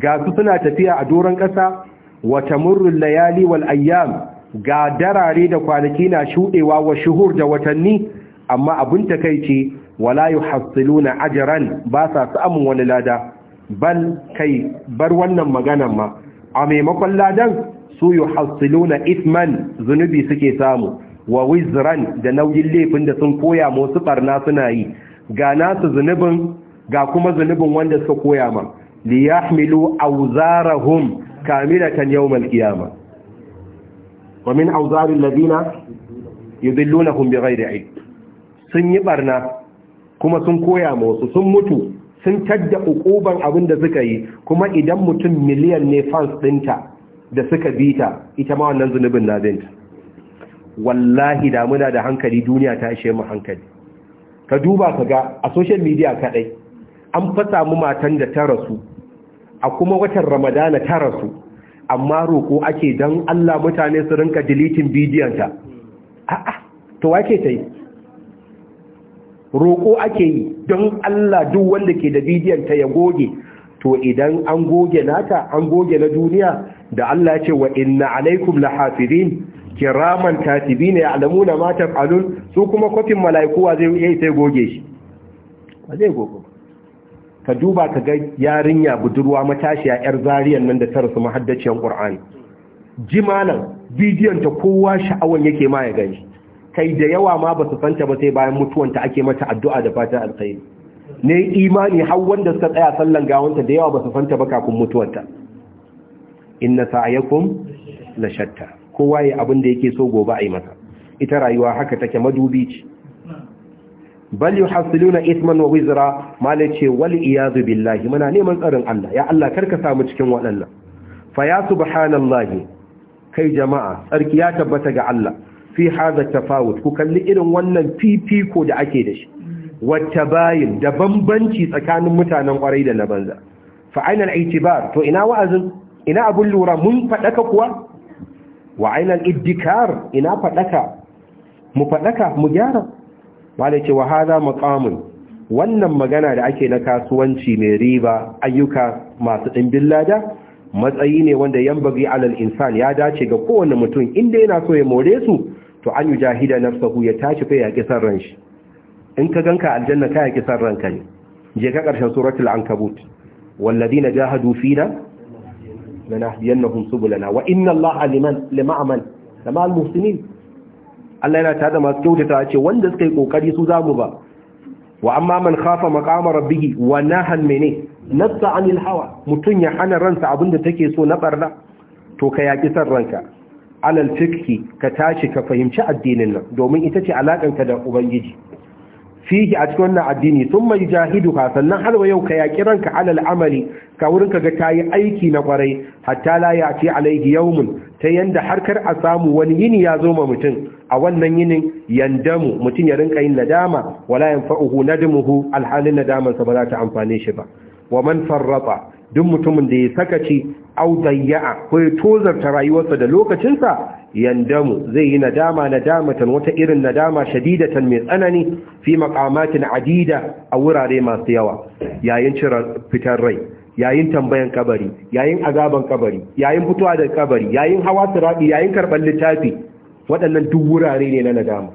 ga su suna tafiya a doron kasa wa tamurru layali wal ayyam ga darare da kwanaki na shudewa wa shuhur da watanni amma abin takeici wala yuhassiluna ajran ba sa samun wani lada bal kai bar wannan maganan ma a maimakon ladan su yuhassiluna ifman zunubi suke samu wa wizran da nauyin laifin da sun koya ma wasu barna suna yi ga nasu zunubin ga kuma zunubin wanda suka koya ma li yahmilu awzarahum kamilatan yawmal qiyamah wa min awzaril ladina yudillunahum da ilm sun yi barna kuma sun koya ma wasu sun mutu sun tadda ukuban abin da suka yi kuma idan mutum miliyan ne fans dinta da suka bita ita ma wannan zunubin na binta wallahi da muna da hankali duniya ta ishe mu hankali ka duba ka ga a social media kadai an fasa mu matan da ta rasu a kuma watan ramadana ta rasu amma roƙo ake don Allah mutane su rinka deleting ta. a'a to wake ta yi roƙo ake yi don Allah duk wanda ke da bidiyon ta ya goge to idan an goge naka an goge na duniya da Allah ce wa inna alaikum lahafizin kiraman alamu na ma alun su kuma kwafin malaiku wa zai yi sai goge shi ba zai ka duba ka ga yarinya budurwa matashiya yar zariyan nan da ta rasu mahaddaciyar qur'ani jimalan bidiyon ta kowa sha'awan yake ma ya gani kai da yawa ma ba su santa ba sai bayan mutuwanta ake mata addu'a da fatan alkhairi ne imani har wanda suka tsaya sallan gawanta da yawa ba su fanta ba kafin mutuwanta. inna sa'ayakum la shatta kowa ya abin da yake so gobe ai masa ita rayuwa haka take madubi ce bal yuhasiluna isman wa wizra malace wal iyazu billahi muna neman tsarin Allah ya Allah karka samu cikin waɗannan fa ya subhanallahi kai jama'a tsarki ya tabbata ga Allah fi hada tafawut ku kalli irin wannan fifiko da ake da shi wata bayin da bambanci tsakanin mutanen kwarai da na banza fa'ainar aitibar to ina wa'azin ina abin lura mun faɗaka kuwa wa'ainar iddikar ina faɗaka mu faɗaka mu gyara wale ce wa hada wannan magana da ake na kasuwanci mai riba ayyuka masu ɗimbin lada matsayi ne wanda yan bagi alal insan ya dace ga kowane mutum inda yana so ya more su to an yi jahida sahu ya tashi fai ya ƙi ranshi in ka ganka aljanna ka yaki san ranka ne je ka karshen suratul ankabut walladina jahadu fina lanahdiyannahum subulana wa inna allaha liman lima'aman al almuslimin Allah yana tada masu kyautata ce wanda suka yi kokari su zamu ba wa amma man khafa maqama rabbih wa nahan mene nafsa anil hawa mutun ya hana ransa abinda take so na barna to ka yaki san ranka alal fikhi ka tashi ka fahimci addinin nan domin ita ce alakanka da ubangiji fihi a cikin wannan addini sun mai ka sannan har wa yau ka yaƙi ranka alal amali ka wurin ka ga ta yi aiki na kwarai hatta la ya ce alaihi yawmun ta yanda har kar a samu wani yini ya zo ma mutum a wannan yinin yandamu mutum ya rinka yin nadama wala yanfa'uhu nadmuhu alhalin sa ba za ta amfane shi ba wa man farrata duk mutumin da ya sakaci au dayya'a ko ya tozarta rayuwarsa da lokacinsa yandamu zai yi nadama nadamatan wata irin nadama shadidatan mai tsanani fi maqamatin adida a wurare masu yawa yayin cira fitar rai yayin tambayan kabari yayin azaban kabari yayin fitowa da kabari yayin hawa sirabi yayin karban littafi waɗannan duk wurare ne na nadama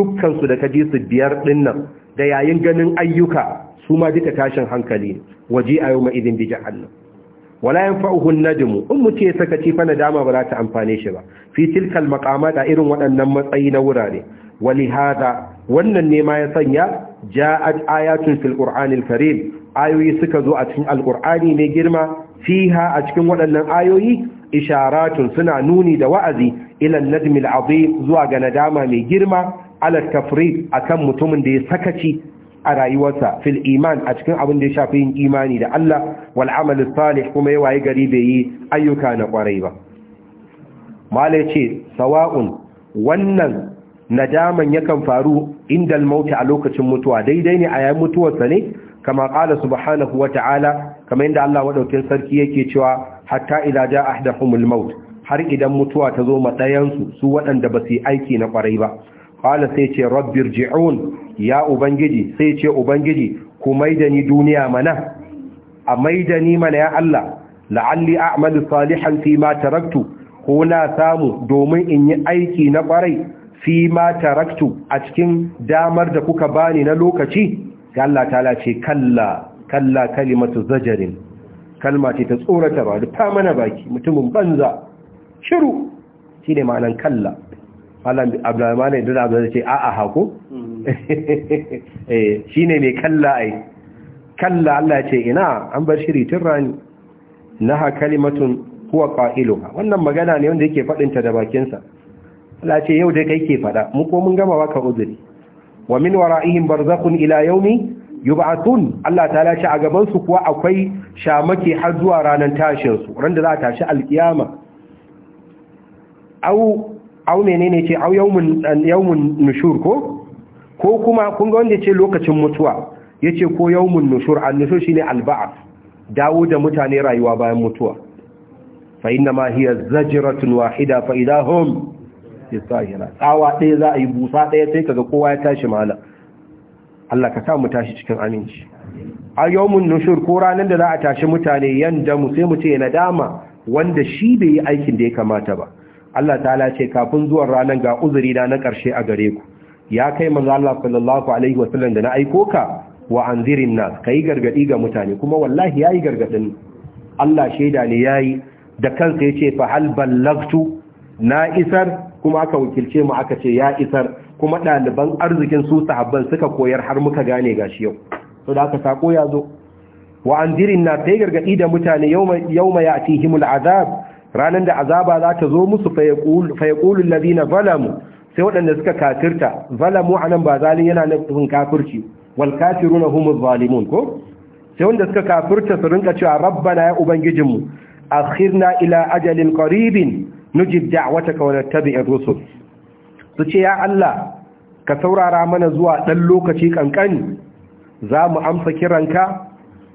dukkan su da kaji su biyar dinnan da yayin ganin ayyuka su ma duka tashin hankali waje a yau ma idin bi jahannam wala yanfa'uhu fa'uhun najmu in mutum ya cifa fa nadama ba za ta amfane shi ba fi tilkal irin waɗannan matsayi na wurare Wani hada wannan ne ma ya sanya ja'at ayatun fil karim ayoyi suka zo a cikin alqur'ani mai girma fiha a cikin waɗannan ayoyi isharatun suna nuni da wa'azi ila an-najmi zuwa ga nadama mai girma ala a akan mutumin da ya sakaci a rayuwarsa fil iman a cikin abin da ya shafi yin imani da Allah wal amal salih kuma ya waye gari bai yi ayyuka na kwarai ba mala ce sawa'un wannan nadaman yakan faru inda al a lokacin mutuwa daidai ne a yayin mutuwarsa ne kama qala subhanahu wata'ala ta'ala kamar inda Allah wadaukin sarki yake cewa hatta idza ja'a ahdahumul maut har idan mutuwa ta zo ma su su waɗanda ba su yi aiki na kwarai ba qala sai ce rabbirji'un ya ubangiji sai ce ubangiji ku maida ni duniya mana a maidani mana ya Allah la'alli a'malu salihan fi ma taraktu ko na samu domin in yi aiki na kwarai fi ma taraktu a cikin damar da kuka bani na lokaci ga Allah ta'ala ce kalla kalla kalimatu zajarin kalma ce ta tsorata ba da ta mana baki mutumin banza shiru shine ma'anan kalla abdulrahman ne ce a'a hako mm. (laughs) eh, shi ne mai kalla kalla Allah ce ina an bar shiri tun rani na ha kalimatun huwa ƙa'iluha wannan magana ne wanda yake faɗinta da bakinsa Allah ce yau dai kai ke faɗa mu ko mun gama baka uzuri wa min wara'ihim barzakhun ila yawmi yub'atun Allah ta lace a gaban su kuwa akwai shamake har zuwa ranar tashin su ran da za a tashi alkiyama au au menene ce au yawmun nushur ko ko kuma kun ga wanda ce lokacin mutuwa yace ko yawmun nushur an nushur shine alba'a. dawo da mutane rayuwa bayan mutuwa fa inna ma hiya zajratun wahida fa idahum yasahira tsawa ɗaya za a yi busa ɗaya sai kaga kowa ya tashi mala Allah ka sa mu tashi cikin aminci a yawmun nushur ko ranar da za a tashi mutane yanda mu sai mu ce nadama wanda shi bai yi aikin da ya kamata ba Allah ta'ala ce kafin zuwan ranar ga uzuri na na ƙarshe a gare ku ya kai manzo Allah sallallahu alaihi wasallam da na aiko ka wa anzirin nas kai gargadi ga mutane kuma wallahi yayi gargadin Allah shaida ne yayi da kansa yace fa hal ballagtu na isar kuma aka wakilce mu aka ce ya isar kuma ɗaliban arzikin su sahabban suka koyar har muka gane gashi yau to da aka sako ya wa anzirin nas kai gargadi da mutane yauma yauma ya'tihimul azab ranar da azaba za ta zo musu fayaƙulun lazina Valamu, sai waɗanda suka kafirta zalamu a nan ba zali yana nufin kafirci wal kafiru na humus zalimun ko sai wanda suka kafirta su rinka cewa rabbana ya ubangijinmu akhirna ila ajalin qaribin nujib da'wataka wa nattabi'ir rusul su ce ya Allah ka saurara mana zuwa dan lokaci kankani za mu amsa kiranka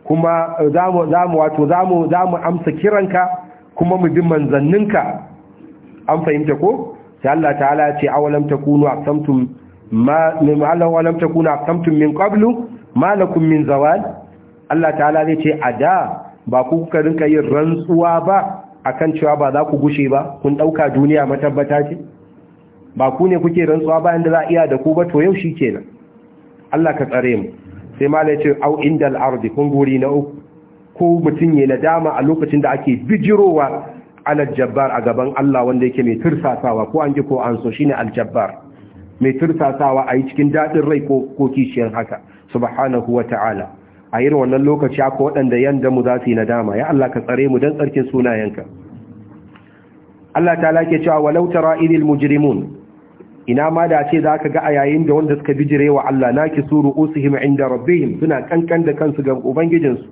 kuma za mu wato za mu amsa kiranka kuma mu bi ka an fahimta ko sai Allah ta'ala ya ce awalam takunu aqsamtum ma min walam takunu aqsamtum min qablu ma min zawal Allah ta'ala zai ce ada ba ku kuka rinka yin rantsuwa ba akan cewa ba za ku gushe ba kun dauka duniya matabbata ce ba ku ne kuke rantsuwa ba inda za iya da ku ba to yau shikenan Allah ka tsare mu sai malai ce au indal ardi kun guri na uku ko mutum ya nadama a lokacin da ake bijirowa aljabbar a gaban Allah wanda yake mai tursasawa ko an ji ko an so shine aljabbar mai tursasawa a yi cikin daɗin rai ko kishiyar haka subhanahu wa ta'ala a yi wannan lokaci akwai waɗanda yanda mu za su yi nadama ya Allah ka tsare mu don tsarkin sunayenka Allah ta lake cewa walau tara idil mujrimun ina ma da ce za ka ga a yayin da wanda suka bijirewa Allah naki suru usuhim inda rabbihim suna kankan da kansu ga ubangijinsu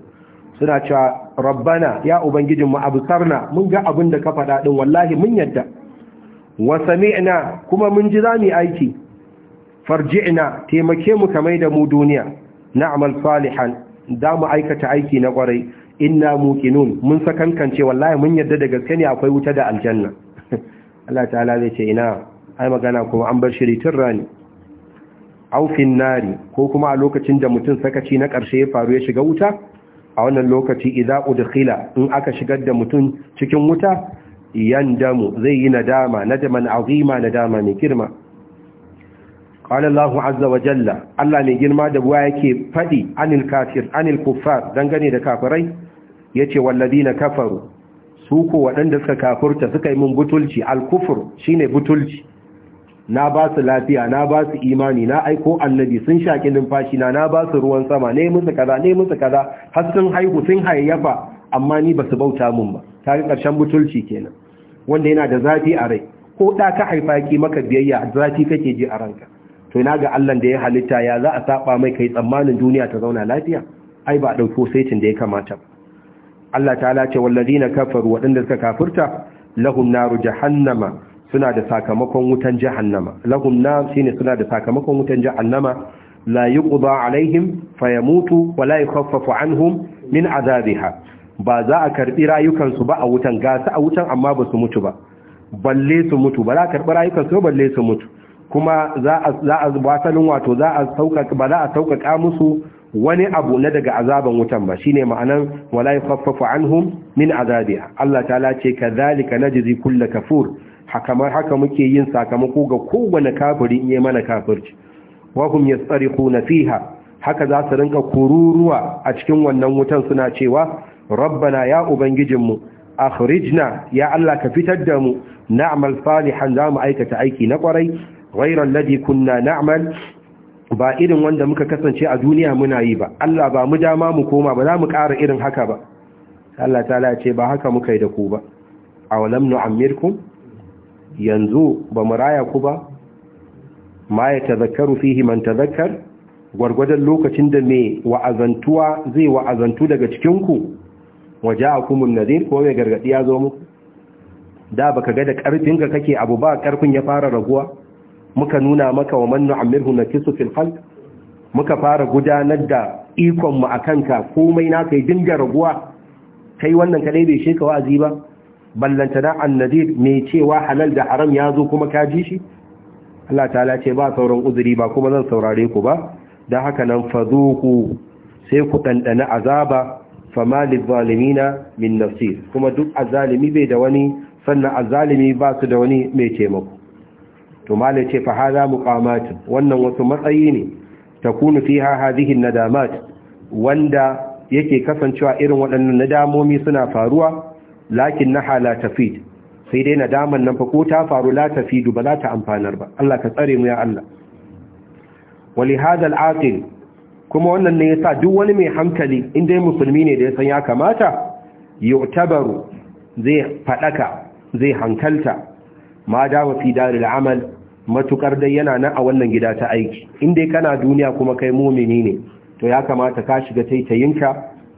suna cewa rabbana ya ubangijin mu absarna mun ga abin da ka faɗa din wallahi mun yadda wa sami'na kuma mun ji zamu aiki farji'na taimake mu kamar da mu duniya na'mal salihan da mu aikata aiki na kwarai inna muqinun mun sakankance wallahi mun yadda da gaske ne akwai wuta da aljanna (laughs) Allah ta'ala zai ce ina ai magana kuma an bar shiri tun rani aufin nari ko kuma a lokacin da mutum sakaci na ƙarshe ya faru ya shiga wuta a wannan lokaci idza udkhila in aka shigar da mutum cikin wuta yandamu zai yi nadama nadaman azima nadama mai girma qala Allahu azza wa jalla Allah mai girma da buwa yake fadi anil kafir anil kuffar dangane da kafirai yace walladina kafaru su ko waɗanda suka kafurta suka yi mun butulci al kufur shine butulci na ba su lafiya na ba su imani na aiko annabi sun shaƙi numfashi na na ba su ruwan sama ne musu kaza ne musu kaza har sun haihu sun hayayyafa amma ni ba su bauta mun ba ta ƙarshen butulci kenan wanda yana da zafi a rai ko da ka haifa ki maka biyayya zafi kake ji a ranka to ina ga Allah da ya halitta ya za a saba mai kai tsammanin duniya ta zauna lafiya ai ba a ɗauko saitin da ya kamata Allah ta'ala ce wallazina kafaru waɗanda suka kafirta lahum naru jahannama suna da sakamakon wutan jahannama lahum nar shine suna da sakamakon wutan jahannama la yuqda alaihim fayamutu wa la yukhaffafu anhum min azabiha ba za a karbi rayukan su ba a wutan ga su a wutan amma ba su mutu ba balle su mutu ba za a karbi rayukan su balle su mutu kuma za a za a wato za a ba za a sauƙaƙa musu wani abu na daga azaban wutan ba shine ma'anan wala yukhaffafu anhum min azabiha Allah ta'ala ce kadhalika najzi kull kafur kamar haka muke yin sakamako ga kowane kafiri in yi mana kafirci wahum yasarikhuna fiha haka za su rinka kururuwa a cikin wannan wutan suna cewa rabbana ya ubangijinmu akhrijna ya Allah ka fitar da mu na'mal salihan za mu aikata aiki na kwarai ghayra alladhi kunna na'mal ba irin wanda muka kasance a duniya muna yi ba Allah ba mu dama mu koma ba za mu ƙara irin haka ba Allah ta ce ba haka muka yi da ku ba awalam nu'ammirkum yanzu ba mu raya ku ba ma ya tazakkaru fihi man tazakkar gwargwadon lokacin da mai wa'azantuwa zai wa'azantu daga cikinku waje a kumun nazir ko mai gargaɗi ya zo muku da baka ga da ƙarfinka kake abu ba ƙarfin ya fara raguwa muka nuna maka wa mannu amirhu na kisu fil muka fara gudanar da ikonmu a kanka komai na kai dinga raguwa kai wannan kaɗai bai shekawa azi ba ballantana annadir mai cewa halal da haram ya zo kuma ka ji shi Allah ta'ala ce ba sauran uzuri ba kuma zan saurare ku ba Da haka nan fazuku sai ku ɗanɗana azaba fama lizalimina min nafsir kuma duk azalimi bai da wani sannan azalimi ba su da wani mai taimako to malai ce fa hada muqamat wannan wasu matsayi ne takunu fiha hadhihi nadamat wanda yake kasancewa irin waɗannan nadamomi suna faruwa lakin naha la tafid sai dai nadaman nan fa ko ta faru la tafidu ba za ta amfanar ba Allah ka tsare mu ya Allah wali hadal aqil kuma wannan ne yasa duk wani mai hankali in dai musulmi ne da ya san ya kamata yu'tabaru zai fadaka zai hankalta ma dawa fi daril amal matukar dai yana nan a wannan gida ta aiki in dai kana duniya kuma kai mumini ne to ya kamata ka shiga taitayinka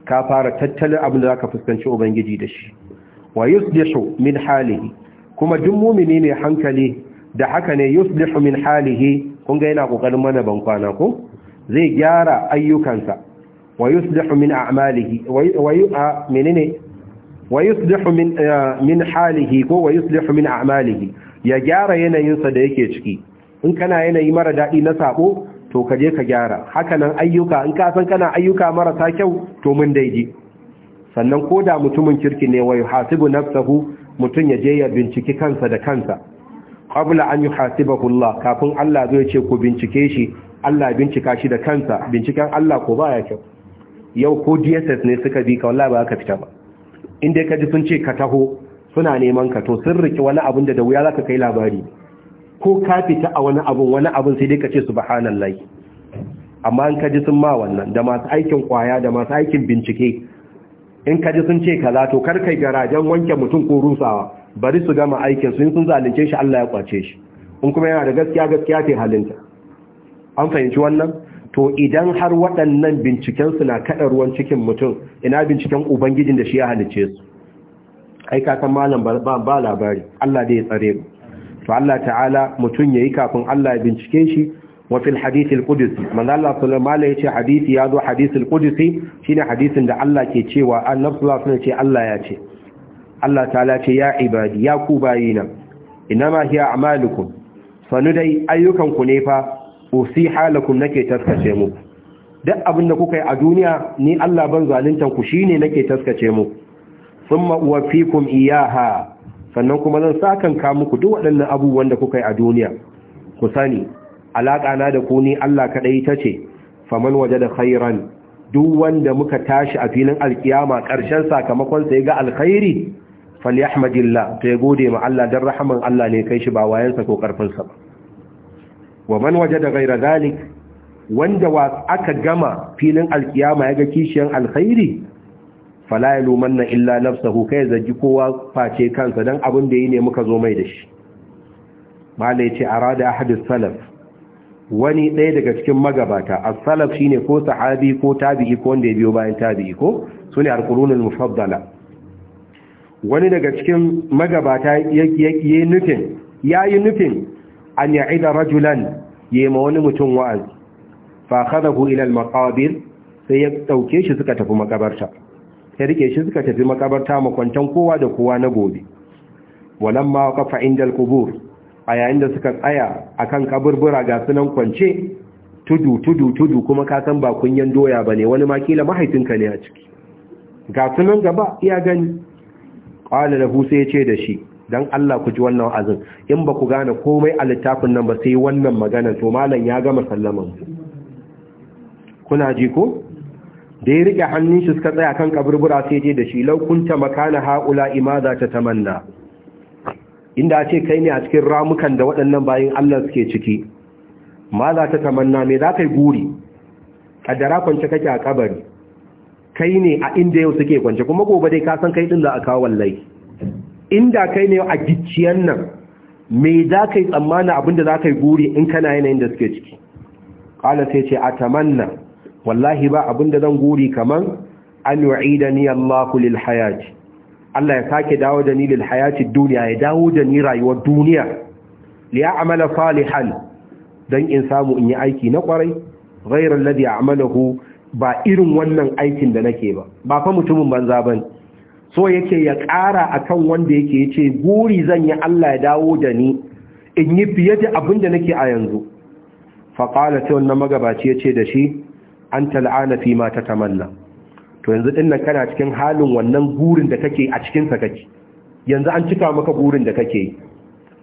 ka fara tattalin abin da zaka fuskanci ubangiji da shi wa yuslihu min halihi kuma duk mumini mai hankali da haka ne yuslihu min halihi kun ga yana kokarin mana ban kwana ko zai gyara ayyukansa wa yuslihu min a'malihi wa yu'a menene wa min eh, min halihi ko wa min a'malihi ya gyara yanayinsa da yake ciki in kana yanayi mara dadi na sabo to kaje ka gyara hakanan ayyuka in ka san kana ayyuka marasa kyau to mun daidai sannan ko da mutumin kirki ne wa yuhasibu nafsahu mutum ya je ya binciki kansa da kansa qabla an yuhasibahu Allah kafin Allah zai ce ku bincike shi Allah bincika shi da kansa binciken Allah ko baya kyau yau ko DSS ne suka bi ka wallahi ba ka fita ba in dai ka ji sun ce ka taho suna neman ka to sun riki wani abin da da wuya zaka kai labari ko ka fita a wani abu wani abu sai dai ka ce subhanallahi amma an ji sun ma wannan da masu aikin kwaya da masu aikin bincike in ka ji sun ce kaza to kar kai garajen wanke mutum ko rusawa bari su gama aikin su in sun zalunce shi Allah ya kwace shi in kuma yana da gaskiya gaskiya ta halinta an fahimci wannan to idan har waɗannan binciken suna na kada ruwan cikin mutum ina binciken ubangijin da shi ya halice su ai ka san malam ba labari Allah da ya tsare mu to Allah ta'ala mutum yayi kafin Allah ya bincike shi wafin fil hadith al-qudsi manzo Allah sallallahu alaihi yace hadisi yazo zo al kudusi shine hadisin da Allah ke cewa annabi sallallahu alaihi ce Allah ya ce Allah ta'ala ce ya ibadi ya ku bayina ma hiya a'malukum sanu dai ayyukan ku ne fa usi lakum nake taskace mu. duk abin da kuka yi a duniya ni Allah ban zaluntan ku shine nake taskace Sun thumma uwaffikum iyaha sannan kuma zan sa ka muku duk waɗannan abubuwan da kuka yi a duniya ku sani Alaƙa na da kuni Allah kaɗai ita ce faman wajada khairan duk wanda muka tashi a filin alkiyama karshen sakamakon sa ga alkhairi falyahmadillah to ya gode ma Allah dan rahaman Allah ne kai shi ba wayansa ko karfin ba wa man wajada ghayra zalik wanda wa aka gama filin alkiyama ga kishiyan alkhairi fala yalumanna illa nafsuhu kai zaji kowa face kansa dan abin da yi ne muka zo mai da shi Malai ce arada ahadus salaf wani ɗaya daga cikin magabata a salaf shine ko sahabi ko tabi'i ko wanda ya biyo bayan tabi'i ko Su ne alƙulunan mufaddala wani daga cikin magabata yayi nufin yayi nufin an ya'ida rajulan ma wani mutum wa'az fa akhadahu ilal al-maqabir sai ya ɗauke shi suka tafi makabarta ya rike shi suka tafi makabarta makwantan kowa da kowa na gobe walamma kafa inda al a yayin da suka tsaya akan kaburbura ga sunan kwance tudu tudu tudu kuma kasan san ba kunyan doya ne, wani ma mahaifinka ne a ciki ga sunan gaba iya gani da lahu ya ce da shi don Allah ku ji wannan wa'azin, in ba ku gane komai a littafin nan ba sai wannan magana to malam ya gama sallaman kuna ji ko da ya rike hannun shi suka tsaya kan kaburbura sai je da shi laukunta makana haula za ta tamanna inda ace ce kai ne a cikin ramukan da waɗannan bayan Allah suke ciki ma za ta tamanna me za ka yi guri kaddara kwance kake a kabari kai ne a inda yau suke kwance kuma gobe dai ka san kai din za a kawo wallahi inda kai ne a gicciyar nan me za ka yi tsammana da za ka yi guri in kana yanayin da suke ciki ƙala sai ce a tamanna wallahi ba abin da zan guri kaman an yu'idani Allah lil hayati Allah ya sake dawo da ni lil hayati duniya ya dawo da ni rayuwar duniya li a'mala salihan dan in samu in yi aiki na kwarai ghayra alladhi a'malahu ba irin wannan aikin da nake ba ba fa mutumin banza bane so yake ya kara akan wanda yake yace guri zan yi Allah ya dawo da ni in yi fiye da abin da nake a yanzu fa qala ta wannan magabaci yace da shi anta al'ana fi ma tatamanna to yanzu din nan kana cikin halin wannan gurin da kake a cikin sa kake yanzu an cika maka gurin da kake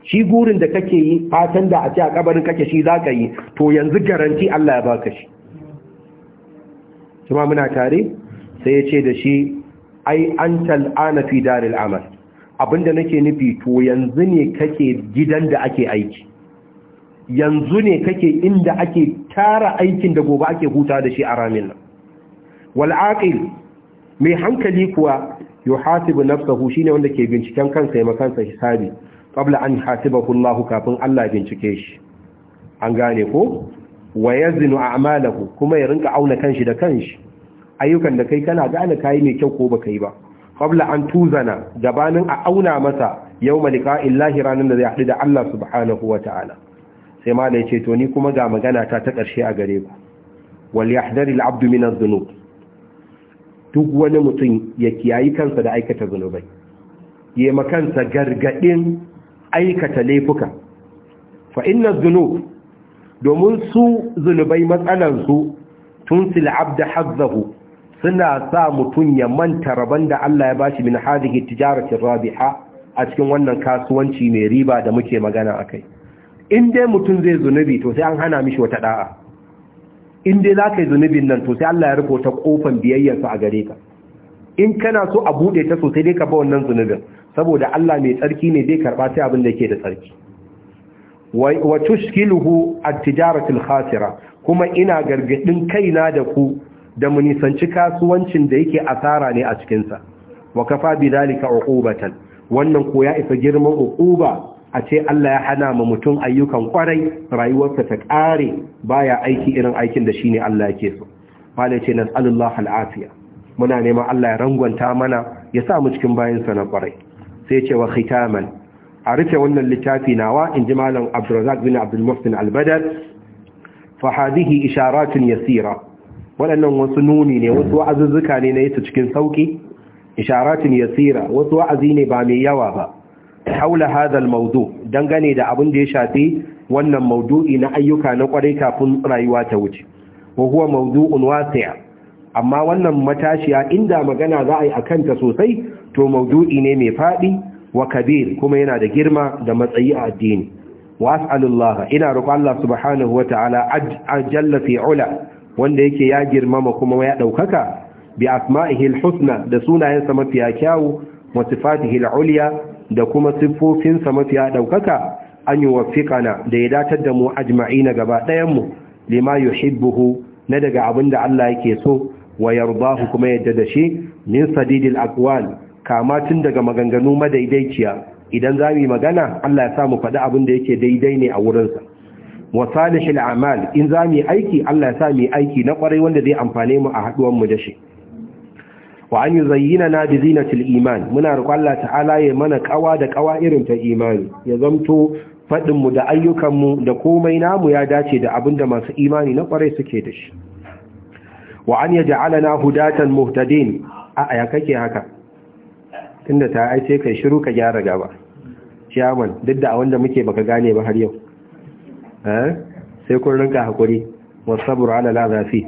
shi gurin da kake yi fatan da a ci a kabarin kake shi zaka yi to yanzu garanti Allah ya baka shi kuma muna tare sai ya ce da shi ai antal ana fi daril amal abinda nake nufi to yanzu ne kake gidan da ake aiki yanzu ne kake inda ake tara aikin da gobe ake huta da shi a ramin nan wal mai hankali kuwa yuhasibu nafsahu shine wanda ke binciken kansa ya kansa hisabi ƙabla an hasibahu Allah kafin Allah bincike shi an gane ko wa a a'malahu kuma ya rinka auna kanshi da kanshi ayyukan da kai kana gane kai mai kyau ko baka yi ba qabla an tuzana gabanin a auna masa yawma illahi ranar da zai haɗu da Allah subhanahu wata'ala sai ya ce to ni kuma ga magana ta ta ƙarshe a gare ku wal yahdari al-abdu min adh-dhunub duk wani mutum ya kiyayi kansa da aikata zunubai ya makansa gargadin aikata laifuka fa inna zunub domin su zunubai matsalansu tun da hazzahu suna sa mutum ya manta rabon da Allah ya bashi min hadhihi tijaratin Rabi'a a cikin wannan kasuwanci mai riba da muke magana akai in dai mutum zai zunubi to sai an hana mishi wata ɗa'a. in dai za ka yi zunubin nan to sai Allah ya rubuta ta kofan biyayyarsa a gare ka in kana so a buɗe ta sosai dai ka ba wannan zunubin saboda Allah mai tsarki ne zai karɓa sai abin da ke da tsarki wa tushkiluhu at-tijaratul khasira kuma ina gargadin kaina da ku da mu nisanci kasuwancin da yake asara ne a cikin sa wa kafa bidalika uqubatan wannan ko ya isa girman uquba a ce Allah ya hana ma mutum ayyukan kwarai rayuwarsa ta kare baya aiki irin aikin da shine Allah yake so malai ce nas'alullah al'afiya muna neman Allah ya rangwanta mana ya sa mu cikin sa na kwarai sai ce wa khitaman a rufe wannan littafi nawa in ji malam Abdulrazak bin Abdul Muhsin Al-Badal fa hadhihi isharatun yasira waɗannan wasu nuni ne wasu wa'azuzzuka ne na yace cikin sauki isharatun yasira wasu wa'azi ne ba mai yawa ba haula hadal maudu dangane da abin da ya shafi wannan maudu'i na ayyuka na kwarai kafin rayuwa ta wuce wa huwa maudu'un wasi'a amma wannan matashiya inda magana za a yi akan ta sosai to maudu'i ne mai fadi wa kabir kuma yana da girma da matsayi a addini wa as'alullah ina roƙon Allah subhanahu wa ta'ala ajalla fi ula wanda yake ya girmama kuma ya daukaka bi asma'ihi al-husna da sunayensa mafiya kyawu wa sifatihi al-ulya da kuma siffofinsa mafiya ɗaukaka an yi wafiƙana da ya datar da mu ajma'i na gaba ɗayanmu lima Buhu; na daga abin da Allah yake so wa hu kuma yadda da shi min sadidil akwal kama tun daga maganganu madaidaiciya idan za mu yi magana Allah ya sa mu faɗi abin da yake daidai ne a wurinsa wa salihil a'mal in za mu yi aiki Allah ya sa mu yi aiki na ƙwarai wanda zai amfane mu a haɗuwar mu da shi wa an na bi zinatul iman muna roƙon Allah ta'ala ya mana kawa da kawa irin ta imani ya zamto fadin mu da ayyukan mu da komai namu ya dace da abinda masu imani na kwarai suke da shi wa an na hudatan muhtadin a aya kake haka tunda ta aice kai shiru ka gyara gaba chairman duk da wanda muke baka gane ba har yau eh? sai kun rinka hakuri wasabru ala lazafi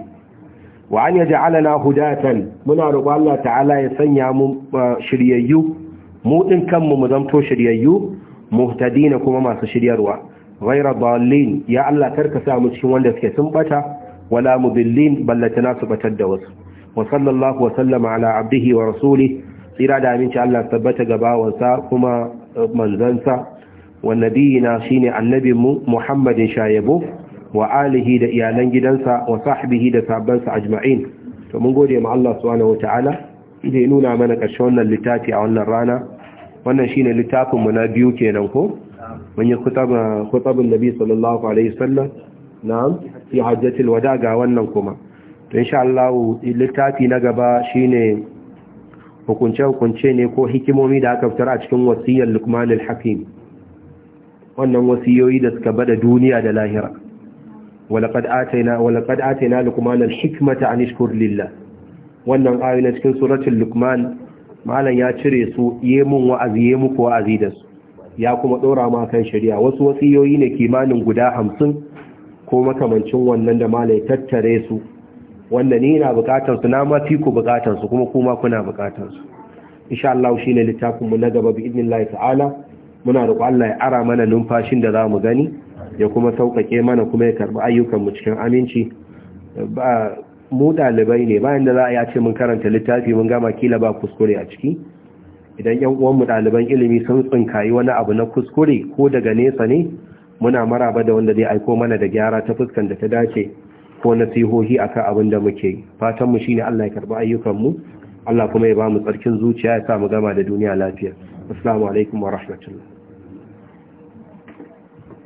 wa an yaj'alana hudatan muna roƙo Allah ta'ala ya sanya mu uh, shiryayyu mu din kanmu mu zamto shiryayyu muhtadina kuma masu shiryarwa ghayra dallin ya Allah karka sa mu cikin wanda suke sun bata wala mudillin ballatana su batar da wasu wa sallallahu wa sallama ala abdihi wa rasulihi tsira da aminci Allah tabbata ga bawansa kuma uh, manzansa wa nabiyina shine annabinmu Muhammadin shayyabu wa alihi da iyalan gidansa wa sahbihi da sabansa ajma'in to mun gode ma Allah subhanahu wataala da ya nuna mana ƙarshen wannan littafi a wannan rana wannan shine littafin mu na biyu kenan ko mun yi kutaba kutabun nabi sallallahu alaihi wasallam na'am fi hajjatil wada ga wannan kuma to insha Allah littafi na gaba shine hukunce-hukunce ne ko hikimomi da aka fitar a cikin wasiyyar Luqman al-hakim wannan wasiyoyi da suka bada duniya da lahira ولقد آتينا na lukmanar لقمان الحكمة wannan ayoyi na cikin suratun luqman malam ya cire su yemun wa'azi yemu muku wa'azi da su ya kuma dora ma kan shari'a wasu wasiyoyi ne kimanin guda hamsin, ko makamancin wannan da malam ya tattare su wanda ni na bukatar su na mafi ku bukatar su kuma kuma kuna bukatar su insha Allah shine littafin mu na gaba bi idnillahi ta'ala muna da Allah ya ara mana numfashin da za mu gani ya kuma sauƙaƙe mana kuma ya karɓi ayyukanmu cikin aminci ba mu ɗalibai ne bayan da za a yace mun karanta littafi mun gama kila ba kuskure a ciki idan yan uwanmu ɗaliban ilimi sun tsinkayi wani abu na kuskure ko daga nesa ne muna maraba da wanda zai aiko mana da gyara ta fuskan da ta dace ko nasihohi akan abin da muke fatanmu shine Allah ya karɓi ayyukanmu Allah kuma ya ba mu tsarkin zuciya ya sa mu gama da duniya lafiya assalamu alaikum wa rahmatullahi